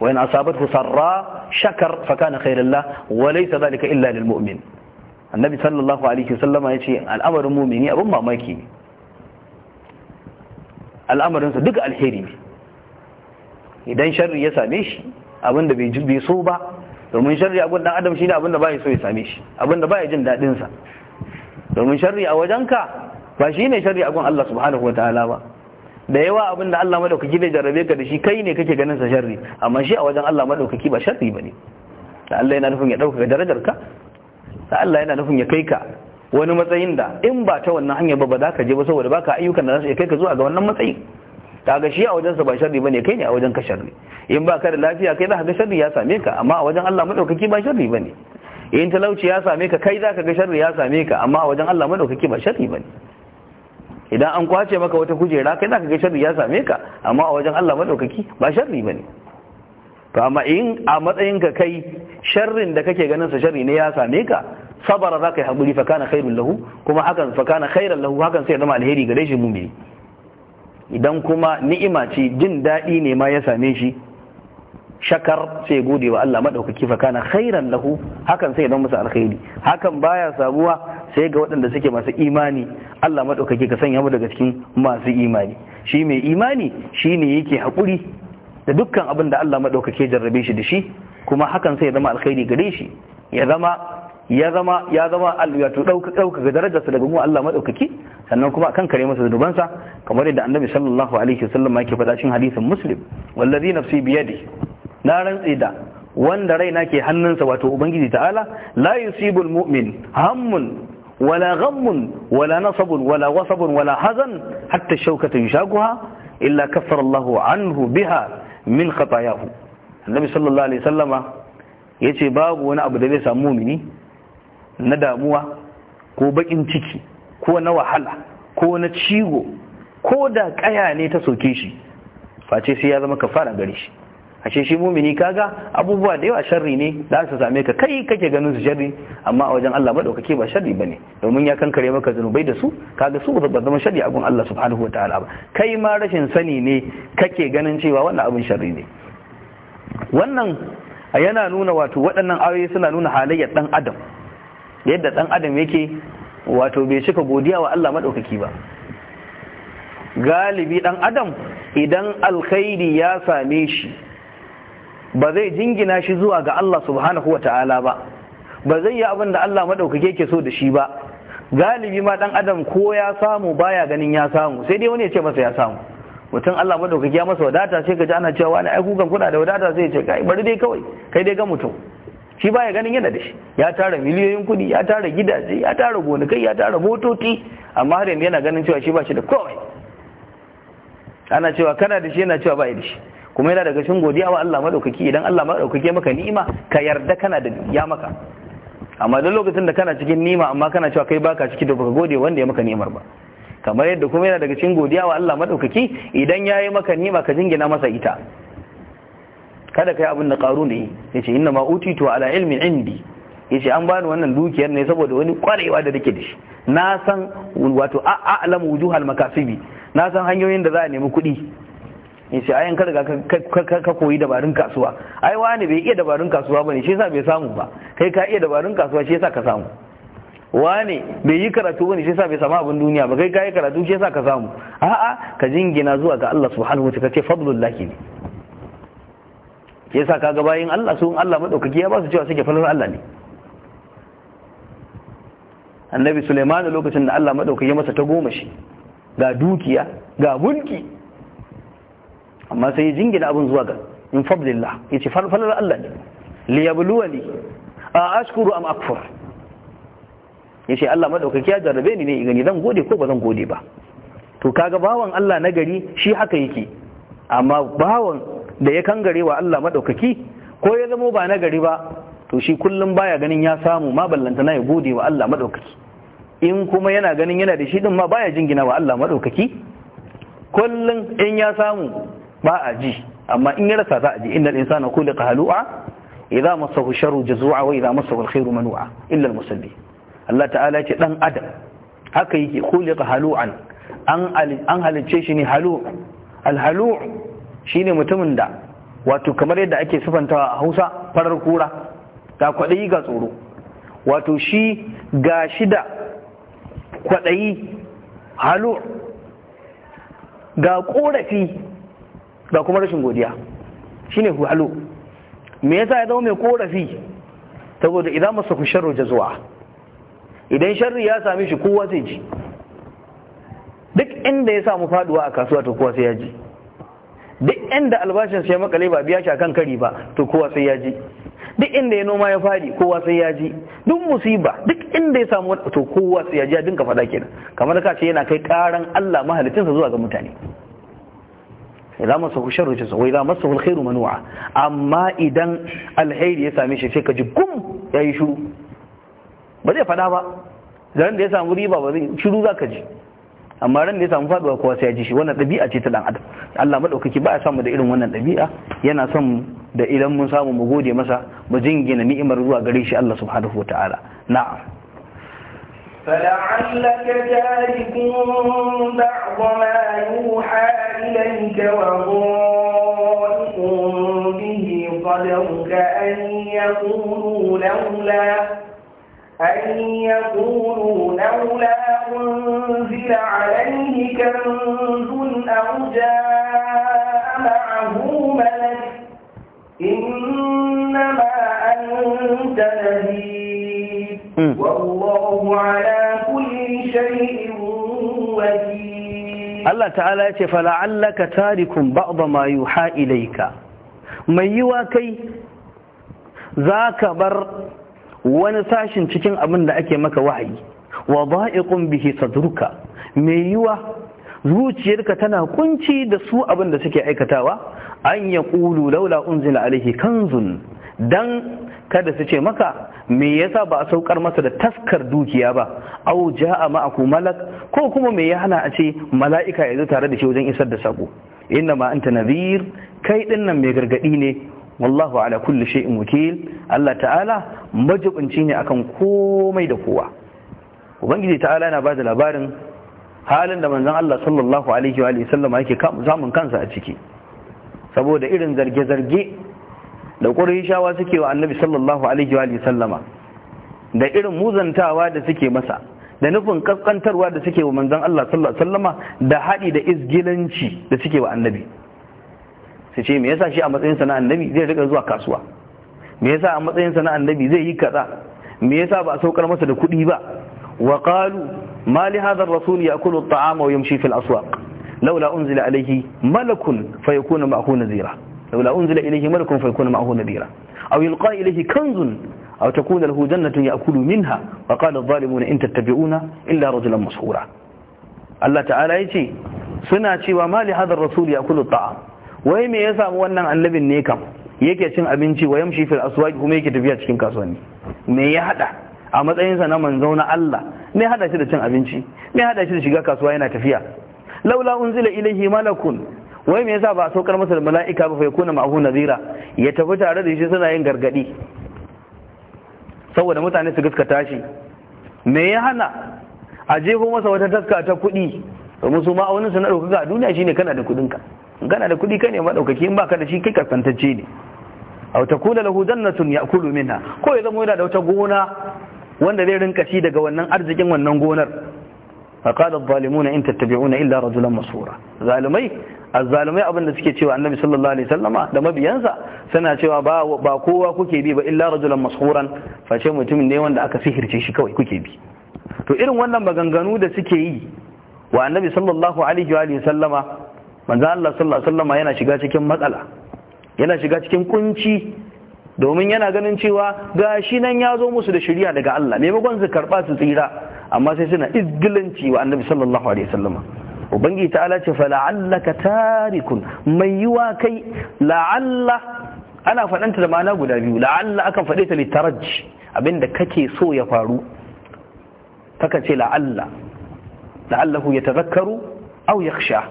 وإن أصابته سراء شكر فكان خير الله وليس ذلك إلا للمؤمن النبي صلى الله عليه وسلم يقول الأمر المؤمني أبو ما مايكي الأمر ينسى الحيري idan sharri ya same shi abinda bai bai so ba domin sharri a adam shine abinda bai so ya same shi abinda bai jin daɗinsa sa domin sharri a wajenka ba shine sharri Allah subhanahu wataala ba da yawa abin da Allah madaukaki zai jarrabe ka da shi kai ne kake ganin sa sharri amma shi a wajen Allah madaukaki ba sharri bane da Allah yana nufin ya dauka darajar ka da Allah yana nufin ya kai ka wani matsayin da in ba ta wannan hanya ba ba za ka je ba saboda baka ayyukan da za su iya kai ka zuwa ga wannan matsayin kaga shi a wajen sa ba sharri bane kai ne a wajen ka sharri in ba ka da lafiya kai zaka ga sharri ya same ka amma a wajen Allah madaukaki ba sharri bane in talauci ya same ka kai zaka ga sharri ya same ka amma a wajen Allah madaukaki ba sharri bane idan an kwace maka wata kujera kai zaka ga sharri ya same ka amma a wajen Allah madaukaki ba sharri bane to amma in a matsayin ka kai sharrin da kake ganin sa sharri ne ya same ka sabara zaka yi hakuri fa kana khairul lahu kuma hakan fa kana khairul lahu hakan sai zama alheri gare shi mumini idan kuma ni'ima ce jin daɗi ne ma ya same shi shakar sai ya gode wa Allah madaukaki fa kana khairan lahu hakan sai zama masa alkhairi hakan baya samuwa sai ga waɗanda suke masu imani Allah maɗaukaki ka sanya mu daga cikin masu imani shi mai imani shine yake haƙuri da dukkan abin da Allah madaukaki jarrabe shi da shi kuma hakan sai ya zama alkhairi gare shi ya zama ya zama ya zama dauka dauka ga darajarsa daga mu Allah madaukaki sannan kuma akan kare masa zunubansa kamar yadda annabi sallallahu alaihi wasallam yake faɗa cikin hadisin muslim wallazi nafsi biyadihi na rantse da wanda raina ke hannunsa wato ubangiji ta'ala la yusibul mu'min hammun wala ghammun wala nasabun wala wasabun wala hazan hatta shaukata yushaguha illa kaffara Allah anhu biha min khatayahu annabi sallallahu alaihi wasallama yace babu wani abu da zai samu mumini na damuwa ko bakin ciki ko na wahala ko na cigo ko da kaya ne ta soke shi face sai ya zama kafara gare shi ce shi mumini kaga abubuwa da yawa sharri ne za su same ka kai kake ganin su sharri amma a wajen Allah madaukake ba sharri bane domin ya kankare maka zanubai da su kaga su ba zama sharri a gun Allah subhanahu wataala ba kai ma rashin sani ne kake ganin cewa wannan abin sharri ne wannan yana nuna wato waɗannan ayoyi suna nuna halayyar dan adam yadda dan adam yake wato bai cika godiya wa Allah madaukaki ba galibi dan adam idan alkhairi ya same shi ba zai jingina shi zuwa ga Allah subhanahu ta'ala ba ba zai yi abin da Allah maɗaukake ke so da shi ba galibi ma ɗan adam ko ya samu baya ganin ya samu sai dai wani ya ce masa ya samu mutum Allah maɗaukake ya masa wadata sai ka ji ana cewa wani ai kukan kuna da wadata sai ya ce kai bari dai kawai kai dai ga mutum shi baya ganin yana da shi ya tara miliyoyin kuɗi ya tara gidaje ya tara gonakai ya tara motoci amma har yanzu yana ganin cewa shi ba shi da kawai ana cewa kana da shi yana cewa ba da shi kuma yana daga cikin godiya wa Allah madaukaki idan Allah madaukaki maka ni'ima ka yarda kana da ya maka amma duk lokacin da kana cikin ni'ima amma kana cewa kai baka ciki da baka gode wanda ya maka ni'imar ba kamar yadda kuma yana daga cikin godiya wa Allah madaukaki idan yayi maka ni'ima ka jingina masa ita kada kai abin da karu ne yace inna ma utitu ala ilmi indi yace an bani wannan dukiyar ne saboda wani kwarewa da nake da shi na san wato a'lamu wujuhal makasibi na san hanyoyin da za a nemi kuɗi in ce ayan ka ka koyi dabarun kasuwa ai wani bai iya dabarun kasuwa bane shi yasa bai samu ba kai ka iya dabarun kasuwa shi yasa ka samu wane bai yi karatu bane shi yasa bai samu abin duniya ba kai ka yi karatu shi yasa ka samu a'a ka jingina zuwa ga Allah subhanahu wa ta'ala ce fadlullahi ne yasa kaga bayin Allah su Allah madaukaki ya ba su cewa suke falalar Allah ne annabi Sulaiman lokacin da Allah madaukaki ya masa ta goma shi ga dukiya ga mulki amma sai ya jingina abin zuwa ga in fadlillah ce falal Allah ne li ne. a ashkuru am akfur ce Allah madaukaki ya jarrabe ni ne in gani zan gode ko ba zan gode ba to kaga bawan Allah na gari shi haka yake amma bawan da ya kangare wa Allah madaukaki ko ya zamo ba na gari ba to shi kullum baya ganin ya samu ma ballanta na ya gode wa Allah madaukaki in kuma yana ganin yana da shi din ma baya jingina wa Allah madaukaki kullum in ya samu ba a ji amma in ya rasa za a ji innal insana khuliqa halu'a idza masahu sharru jazua wa idza masahu alkhairu manu'a illa almusalli Allah ta'ala ce dan adam haka yake khuliqa halu'an an an halice shi ne halu alhalu shine mutumin da wato kamar yadda ake sufantawa a Hausa farar kura ga kwadayi ga tsoro wato shi ga shida kwadayi halu ga korafi ba kuma rashin godiya shine huhalu me yasa ya zama mai korafi saboda idan masa ku sharru zuwa idan sharri ya sami shi kowa sai ji duk inda ya samu faduwa a kasuwa to kowa sai ya ji duk inda albashin sai makale ba biya shi akan kari ba to kowa sai ya ji duk inda ya noma ya fadi kowa sai ya ji duk musiba duk inda ya samu to kowa sai ya ji a dinka faɗa kenan kamar ka ce yana kai karan Allah mahalicinsa zuwa ga mutane idza masahu sharru sa wa idza masa manu'a amma idan alkhairi ya same shi sai ka ji gum yayi shiru ba zai fada ba zan da ya samu riba ba zai shiru zaka ji amma ran da ya samu faduwa kowa sai ya ji shi wannan dabi'a ce ta dan adam Allah madaukaki ba ya samu da irin wannan dabi'a yana son da idan mun samu mu gode masa mu jingina ni'imar zuwa gare shi Allah subhanahu wataala na'am فلعلك تارك بعض ما يوحى إليك وضائق به صدرك أن يقولوا لولا أن يقولوا لولا أنزل عليه كنز أو جاء معه ملك إنما أنت نذير Hmm. Allah ta'ala ya ce fala'allaka tarikun ba'da ma yuha ilayka mai yiwa kai zaka bar wani sashin cikin abin da ake maka wahayi wa da'iqun bihi sadruka mai yiwa zuciyarka tana kunci da su abin da suke aikatawa an ya ƙulu laula unzila alaihi kanzun dan kada su ce maka me yasa ba a saukar masa da taskar dukiya ba au ja'a ma'aku malak ko kuma me ya hana a ce mala'ika ya zo tare da shi wajen isar da sako inna ma anta nadhir kai din nan mai gargadi ne wallahu ala kulli shay'in wakil Allah ta'ala majibinci ne akan komai da kowa ubangiji ta'ala yana ba da labarin halin da manzon Allah sallallahu alaihi wa sallama yake zamun kansa a ciki saboda irin zarge-zarge da ƙurayshawa suke wa annabi sallallahu alaihi wa sallama da irin muzantawa da suke masa da nufin kaskantarwa da suke wa manzon Allah sallallahu alaihi sallama da haɗi da izgilanci da suke wa annabi sai ce me yasa shi a matsayin sa na annabi zai riga zuwa kasuwa me yasa a matsayin sa na annabi zai yi kaza me yasa ba a saukar masa da kuɗi ba wa qalu ma li hadha ar-rasul ya'kulu at-ta'ama wa yamshi fil aswaq laula unzila alayhi malakun fayakuna ma'hu nazira laula unzila ilayhi malakun fayakuna ma'ahu nadira aw yulqa ilayhi kanzun aw takuna lahu jannatun ya'kulu minha wa qala adh-dhalimuna in tattabi'una illa rajulan mashhura Allah ta'ala ya ce suna cewa mali hadha ar-rasul ya'kulu at wai me ya samu wannan annabin ne kam yake cin abinci wa yamshi fil kuma yake tafiya cikin kasuwanni me ya haɗa? a matsayinsa na manzo na Allah me hada shi da cin abinci me hada shi da shiga kasuwa yana tafiya laula unzila ilayhi malakun wai me yasa ba a saukar masa da mala'ika ba fa yakuna ma'ahu nazira ya tafi tare da shi suna yin gargadi saboda mutane su gaskata shi me ya hana a jefo masa wata taska ta kuɗi domin su ma'aunin su na ɗaukaka a duniya shine kana da kuɗinka kana da kuɗi kai ne maɗaukaki in baka da shi kai kaskantacce ne aw takuna lahu jannatun ya'kulu minha ko ya zama yana da wata gona wanda zai rinka shi daga wannan arzikin wannan gonar fa qala adh-dhalimuna in tattabi'una illa rajulan zalimai azzalumai abin da suke cewa annabi sallallahu alaihi sallama da mabiyansa suna cewa ba kowa kuke bi ba illa rajulan mashuran face mutumin ne wanda aka sihirce shi kawai kuke bi to irin wannan maganganu da suke yi wa annabi sallallahu alaihi wa sallama manzo Allah sallallahu alaihi sallama yana shiga cikin matsala yana shiga cikin kunci domin yana ganin cewa gashi nan ya zo musu da shari'a daga Allah maimakon su karba su tsira amma sai suna izgilanci wa annabi sallallahu alaihi sallama ubangi ta ala ce fala'allaka tarikun mai yiwa kai la'alla ana faɗanta da ma'ana guda biyu la'alla akan faɗe ta litaraj abinda kake so ya faru takan ce la'alla la'allahu ya tazakkaru au yakhsha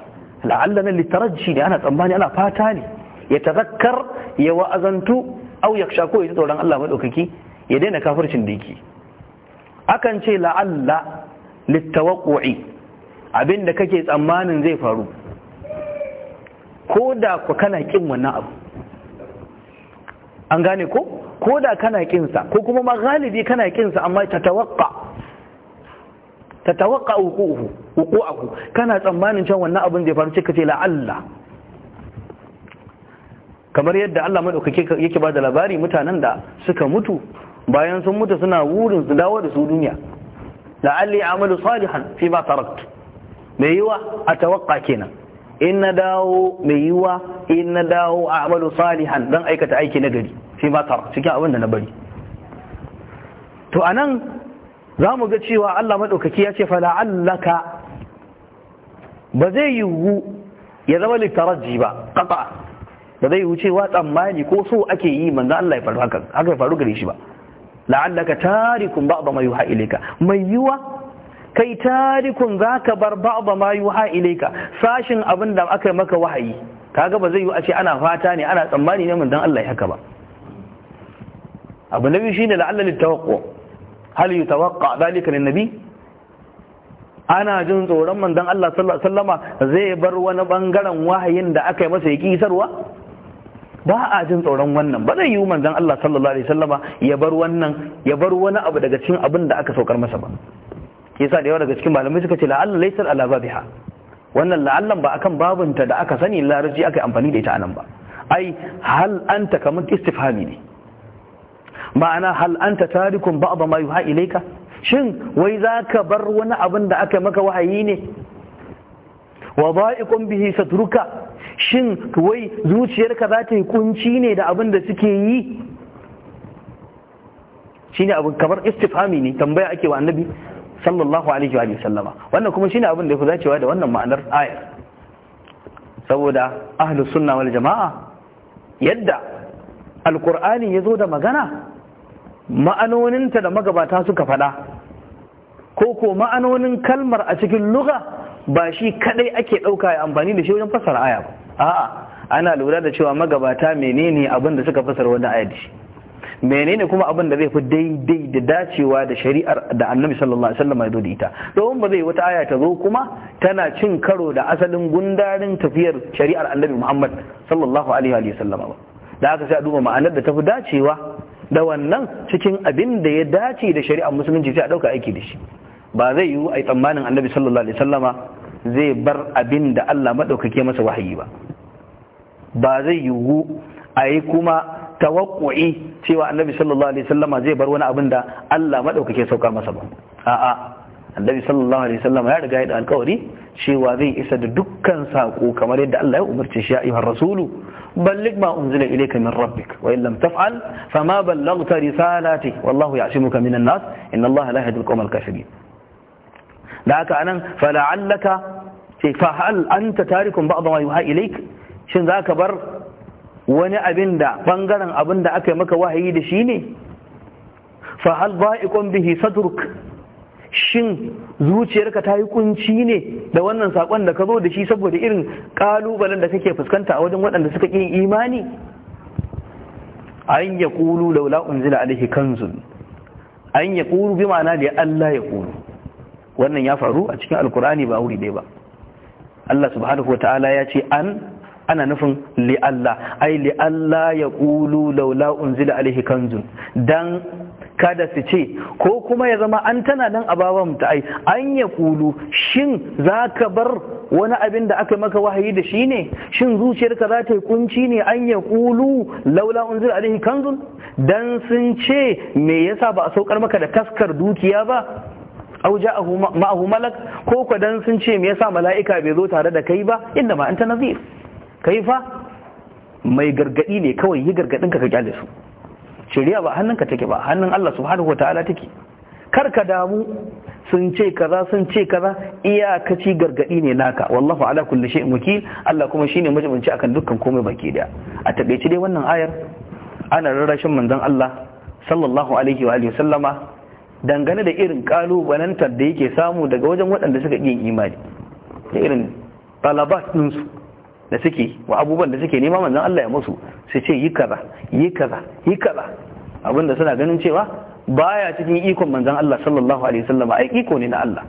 la'alla na litarajji ne ana tsammani ana fata ne ya tazakkar ya wa'azantu au yakhsha ko ya tsoron Allah madaukaki ya daina kafircin da yake akan ce la'alla littawaqi abin da kake tsammanin zai faru ko da ku kana kin wannan abu an gane ko ko da kana sa, ko kuma ma galibi kana sa, amma ta tawakka ta tawakka uku uku kana tsammanin can wannan abin zai faru cika ce la'alla kamar yadda Allah madaukake yake ba da labari mutanen da suka mutu bayan sun mutu suna wurin su dawo da su duniya la'alli amalu salihan fi ma taraktu mai yiwa a tawakka kenan in na dawo mai yiwa in na dawo a amalu salihan dan aikata aiki na gari fi matar cikin abin da na bari to anan za mu ga cewa Allah maɗaukaki ya ce fala'allaka ba zai yiwu ya zama littaraji ba ƙafa ba zai yiwu cewa tsammani ko so ake yi manzo Allah ya faru haka haka faru gare shi ba la'allaka tarikum ba'd mai yuha ilayka mai yiwa kai tarikun zaka bar baba ma yuha ilaika sashin abin da aka maka wahayi kaga ba zai yi a ce ana fata ne ana tsammani ne mun dan Allah ya haka ba abu nabi shine la'alla litawaqqa hal yutawaqqa dalika lin-nabi ana jin tsoron manzon Allah sallallahu alaihi wasallama zai bar wani bangaren wahayin da aka yi masa ya sarwa ba a jin tsoron wannan ba zai yi manzon Allah sallallahu alaihi wasallama ya bar wannan ya bar wani abu daga cikin abin da aka saukar masa ba yasa da yawa daga cikin malamai suka ce la'alla laysar ala babiha wannan la'allan ba akan babunta da aka sani larabci aka amfani da ita anan ba ai hal anta kamar istifhami ne ma'ana hal anta tarikun ba'd ma yuha ilayka shin wai zaka bar wani abin da aka maka wahayi ne wa ba'iqun bihi satruka shin wai zuciyarka za ta yi kunci ne da abin da suke yi shine abu kamar istifhami ne tambaya ake wa annabi sallallahu alaihi wa sallama wannan kuma shine abin da yake dacewa da wannan ma'anar ayar saboda ahlus sunna wal jama'a yadda alqur'ani yazo da magana ma'anoninta da magabata suka fada ko ko ma'anonin kalmar a cikin lugha ba shi kadai ake dauka ya amfani da shi wajen fasara aya ba a'a ana lura da cewa magabata menene abin da suka fasara wannan ayat shi menene kuma abin da zai fi daidai da dacewa da shari'ar da annabi sallallahu alaihi wasallam ya zo da ita domin ba zai wata aya ta zo kuma tana cin karo da asalin gundarin tafiyar shari'ar annabi muhammad sallallahu alaihi wa sallam ba da haka sai a duba ma'anar da ta fi dacewa da wannan cikin abin da ya dace da shari'ar musulunci sai a dauka aiki da shi ba zai yiwu a yi tsammanin annabi sallallahu alaihi wasallama zai bar abin da Allah maɗaukake masa wahayi ba ba zai yiwu a yi kuma tawakku'i cewa annabi sallallahu alaihi wasallama zai bar wani abin da Allah madaukake saukar masa ba a'a annabi sallallahu alaihi wasallama ya riga ya da alƙawari cewa zai isa da dukkan sako kamar yadda Allah ya umarce shi ya ayyuhar rasulu ballig ma unzila ilayka min rabbik wa in lam taf'al fama ballaghta risalati wallahu ya'simuka minan nas inna Allah la yahdi al-qawmal kafirin da haka anan fala'allaka ce fa hal anta tarikun ba'd ma yuha ilayk shin zaka bar wani abin da bangaren abin da aka yi maka wahayi da shi ne fa hal bihi sadruk shin zuciyarka ta yi kunci ne da wannan sakon da ka zo da shi saboda irin kalubalen da kake fuskanta a wajen waɗanda suka ƙi imani an ya ƙulu laula unzila alaihi kanzun an ya ƙulu bi ma'ana da Allah ya ƙulu wannan ya faru a cikin alkur'ani ba wuri ɗaya ba Allah subhanahu wa ta'ala ya ce an ana nufin li'alla ai li'alla ya ƙulu laula unzila alaihi kanzun dan kada su ce ko kuma ya zama an tana nan a babanmu ta ai an ya kulu shin za ka bar wani abin da aka maka wahayi da shi ne shin zuciyarka za ta yi kunci ne an ya kulu laula unzila, alaihi kanzun dan sun ce me yasa ba a saukar maka da kaskar dukiya ba au ja'ahu ma'ahu malak ko ko sun ce me yasa mala'ika bai zo tare da kai ba inda ma anta nazir kai fa mai gargadi ne kawai yi gargadin ka ka kyale su shari'a ba hannunka take ba hannun Allah subhanahu wataala take kar ka damu sun ce kaza sun ce kaza iyakaci gargadi ne naka wallahu ala kulli shay'in wakil Allah kuma shine majibinci akan dukkan komai baki daya a takaice dai wannan ayar ana rarrashin manzon Allah sallallahu alaihi wa alihi sallama dangane da irin kalubalantar da yake samu daga wajen waɗanda suka yin imani da irin talabat ɗinsu da suke wa abubuwan da suke nema manzon Allah ya musu sai ce yi kaza yi kaza yi kaza abinda suna ganin cewa baya cikin ikon manzon Allah sallallahu alaihi wasallam ai iko ne na Allah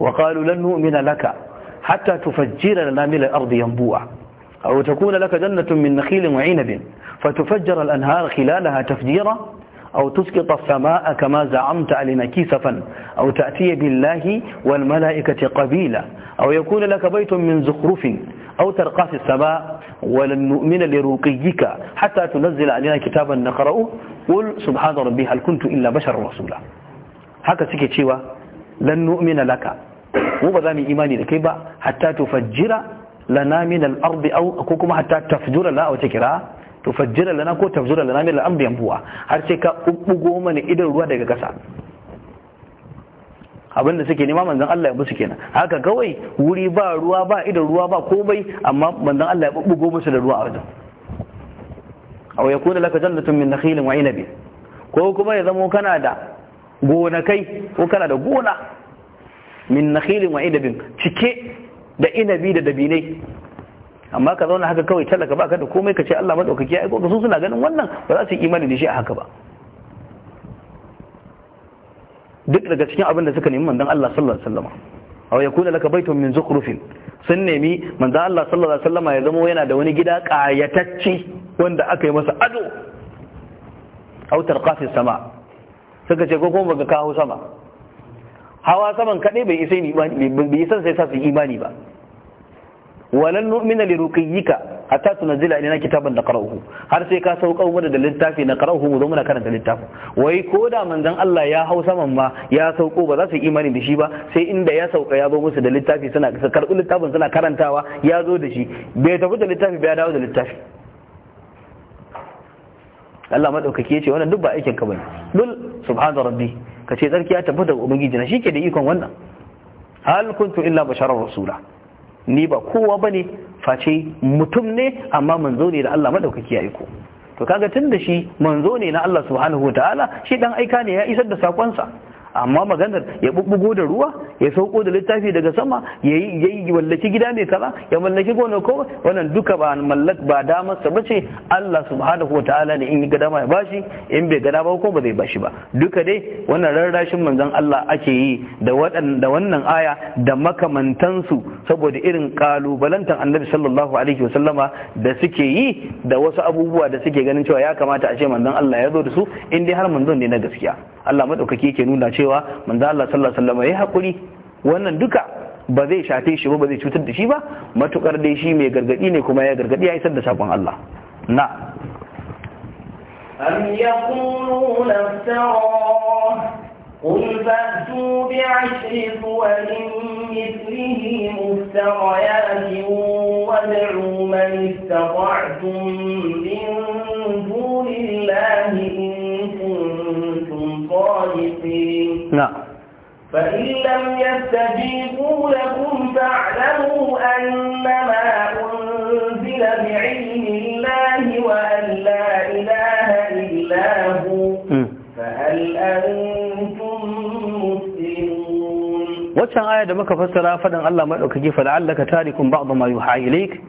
wa qalu lan nu'mina laka hatta tufajjira lana min al-ardi yanbu'a aw takuna laka jannatun min nakhilin wa 'inabin fatufajjira al-anhar khilalaha tafjira aw tusqita as-samaa'a kama za'amta زعمت kisafan aw ta'tiya billahi wal والملائكة qabila aw yakuna laka baytun min zukhrufin أو ترقى في السماء ولن نؤمن لرقيك حتى تنزل علينا كتابا نقرأه قل سبحان ربي هل كنت إلا بشر رسولا حكا سكي تشيوى لن نؤمن لك وبذا من إيماني لكيبا حتى تفجر لنا من الأرض أو أكوكما حتى تفجر لنا أو تكرا تفجر لنا كو تفجر لنا من الأرض ينبوها هل سيكا أبقوا من إدر الواد كسان abin da suke nema manzon Allah ya musu kenan haka kawai wuri ba ruwa ba idan ruwa ba komai amma manzon Allah ya bubbugo musu da ruwa a wajen aw yakuna laka jannatun min nakhilin wa inabi ko kuma ya zamo kana da gonakai ko kana da gona min nakhilin wa inabin cike da inabi da dabinai amma ka zauna haka kawai talaka baka da komai ka ce Allah madaukaki ya aiko ka su suna ganin wannan ba za su yi imani da shi a haka ba duk daga cikin abin da suka nemi manzon Allah sallallahu alaihi wasallam aw yakuna laka baytun min zukhrufin sun nemi manzon Allah sallallahu alaihi wasallam ya zama yana da wani gida kayatacci wanda aka yi masa ado aw tarqa fi sama suka ce ko kuma baka kawo sama hawa saman kaɗai bai isa ni bai san sai sa su imani ba walan nu'mina li ruqiyyika hatta tunzila ilaina kitaban da qara'uhu har sai ka sauka mu da littafi na qara'uhu mu zo muna karanta littafin wai ko da manzon Allah ya hau saman ma ya sauko ba za su yi imani da shi ba sai inda ya sauka ya zo musu da littafi suna karɓi littafin suna karantawa ya zo da shi bai tafi da littafi bai dawo da littafi Allah madaukake ce wannan duk ba aikin ka bane dul subhana rabbi kace tsarki ya tabbata ubangiji na shike da ikon wannan hal kuntu illa basharar rasula ni ba kowa bane face mutum ne amma manzo ne da Allah madaukaki ya aiko to kaga tun da shi manzo ne na Allah subhanahu wataala shi dan aika ne ya isar da sakonsa amma maganar ya bubbugo da ruwa ya sauko da littafi daga sama ya yi wallaki gida mai kaza ya mallaki gona ko wannan duka ba mallak ba damar sa bace Allah subhanahu wataala ne in ga dama ya bashi in bai gada ba ko ba zai bashi ba duka dai wannan rarrashin manzon Allah ake yi da waɗanda wannan aya da makamantan su saboda irin kalubalantan annabi sallallahu alaihi wasallama da suke yi da wasu abubuwa da suke ganin cewa ya kamata a ce manzon Allah ya zo da su in dai har manzon ne na gaskiya Allah madaukaki yake nuna ce. cewa manzo Allah sallallahu alaihi wasallam yayi hakuri wannan duka ba zai shafe shi ba ba zai cutar da shi ba matukar dai shi mai gargadi ne kuma ya gargadi ya isar da sakon Allah na am yaquluna iftara قل فأتوا بعشر مثله مفتريات وادعوا من استطعتم من دون الله إن الخالقين نعم فإن لم يستجيبوا لكم فاعلموا أنما أنزل بعلم الله وأن لا إله إلا هو فهل أنتم مسلمون وكان آية دمك فسر فدن الله مدعوك جيف لعلك تارك بعض ما يوحى إليك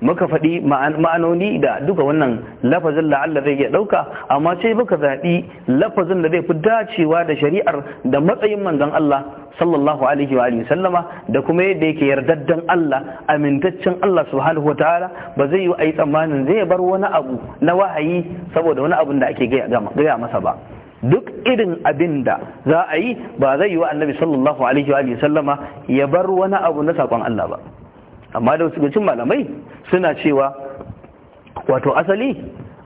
muka faɗi ma'anoni da duka wannan lafazin la'alla zai iya ɗauka amma sai muka zaɓi lafazin da zai fi dacewa da shari'ar da matsayin manzon Allah sallallahu alaihi wa sallama da kuma yadda yake yardaddan Allah amintaccen Allah subhanahu wataala ba zai yi ayi tsammanin zai bar wani abu na wahayi saboda wani abu da ake gaya masa ba duk irin abin da za a yi ba zai yi wa annabi sallallahu alaihi wa sallama ya bar wani abu na saƙon Allah ba amma da wasu gancin malamai suna cewa wato asali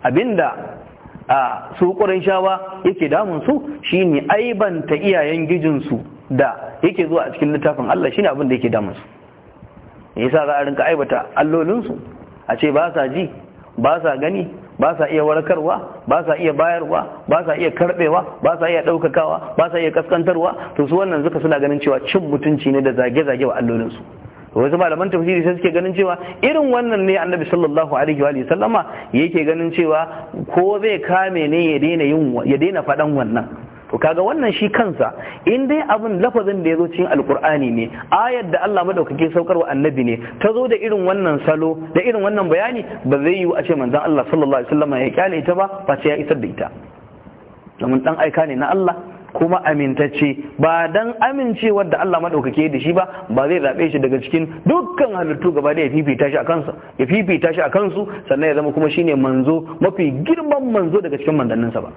abinda a su shawa yake damun su shine aibanta iyayen gijinsu da yake zuwa a cikin littafin Allah shi ne abinda yake damun su me yasa za a rinka aibata allolinsu a ce ba sa ji ba sa gani ba sa iya warkarwa ba sa iya bayarwa ba sa iya karbewa ba sa iya daukakawa ba sa iya kaskantarwa to su wannan suka suna ganin cewa cin mutunci ne da zage-zage wa allolinsu wasu malaman tafsiri sai suke ganin cewa irin wannan ne annabi sallallahu alaihi wa sallama yake ganin cewa ko zai kame ne ya daina yin ya daina faɗan wannan to kaga wannan shi kansa in dai abin lafazin da ya zo cikin alkur'ani ne ayar da Allah madaukake saukarwa annabi ne ta zo da irin wannan salo da irin wannan bayani ba zai yiwu a ce manzon Allah sallallahu alaihi wa sallama ya kyale ita ba face ya isar da ita domin dan aika ne na Allah kuma amintacce ba dan amincewar da Allah madaukake da shi ba ba zai zabe shi daga cikin dukkan halittu gaba da ya fifita shi a kansa ya fifita shi a kansu sannan ya zama kuma shine manzo mafi girman manzo daga cikin mandanninsa ba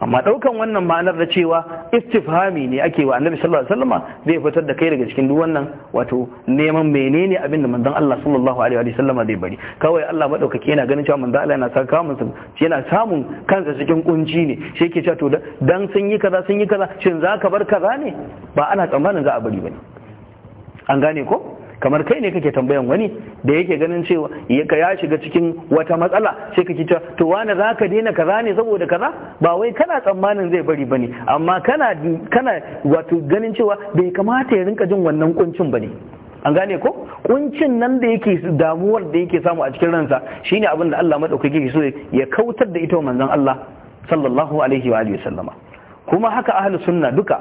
amma ɗaukan wannan ma'anar da cewa istifhami ne ake wa annabi sallallahu alaihi wasallama zai fitar da kai daga cikin duk wannan wato neman menene abin da manzon Allah sallallahu alaihi zai bari kawai Allah madaukaki yana ganin cewa manzon Allah yana sa kamun sa yana samun kansa cikin kunci ne shi yake cewa to dan sun yi kaza sun yi kaza shin za ka bar kaza ne ba ana tsammanin za a bari bane an gane ko kamar kai ne kake tambayan wani da yake ganin cewa ya shiga cikin wata matsala sai kake cewa to wani za ka daina kaza ne saboda kaza ba wai kana tsammanin zai bari bane amma kana kana wato ganin cewa bai kamata ya rinka jin wannan kuncin bane an gane ko kuncin nan da yake damuwar da yake samu a cikin ransa shine abin da Allah madaukaki yake so ya kautar da ita manzon Allah sallallahu alaihi wa alihi wasallama kuma haka ahlus sunna duka